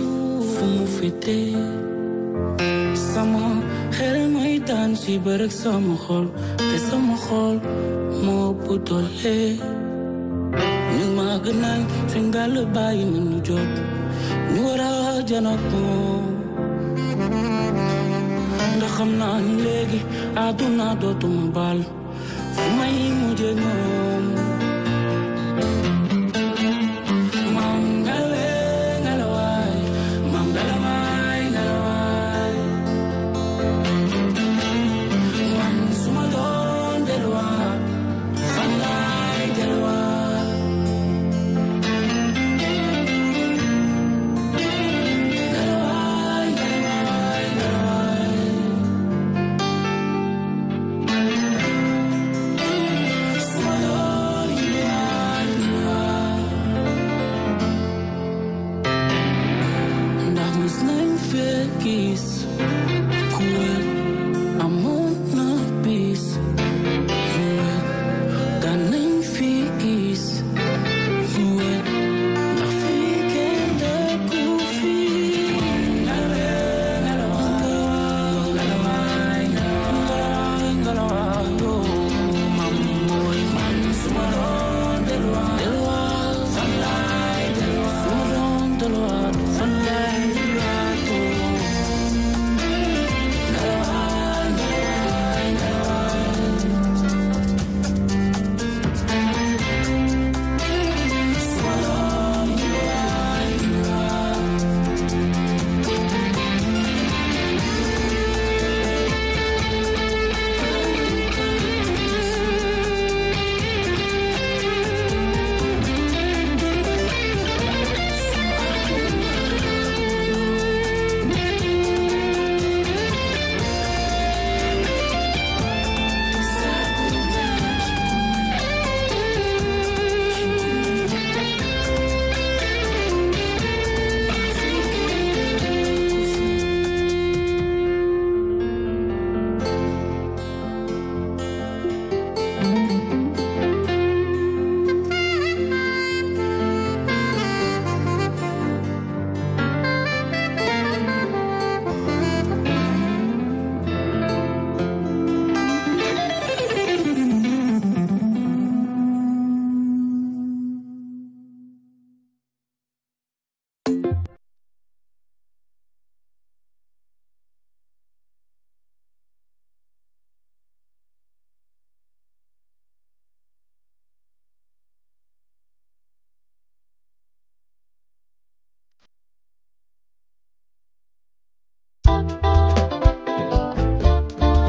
mu fete sama xel mooy daan ci bërëg sama xol te sama xol moo bu doole ñu ma gënal suñ gàll bàyyi na ñu jot ñu war a ndax xam naa ni léegi àdduna dootuma baal fu may mujjee moom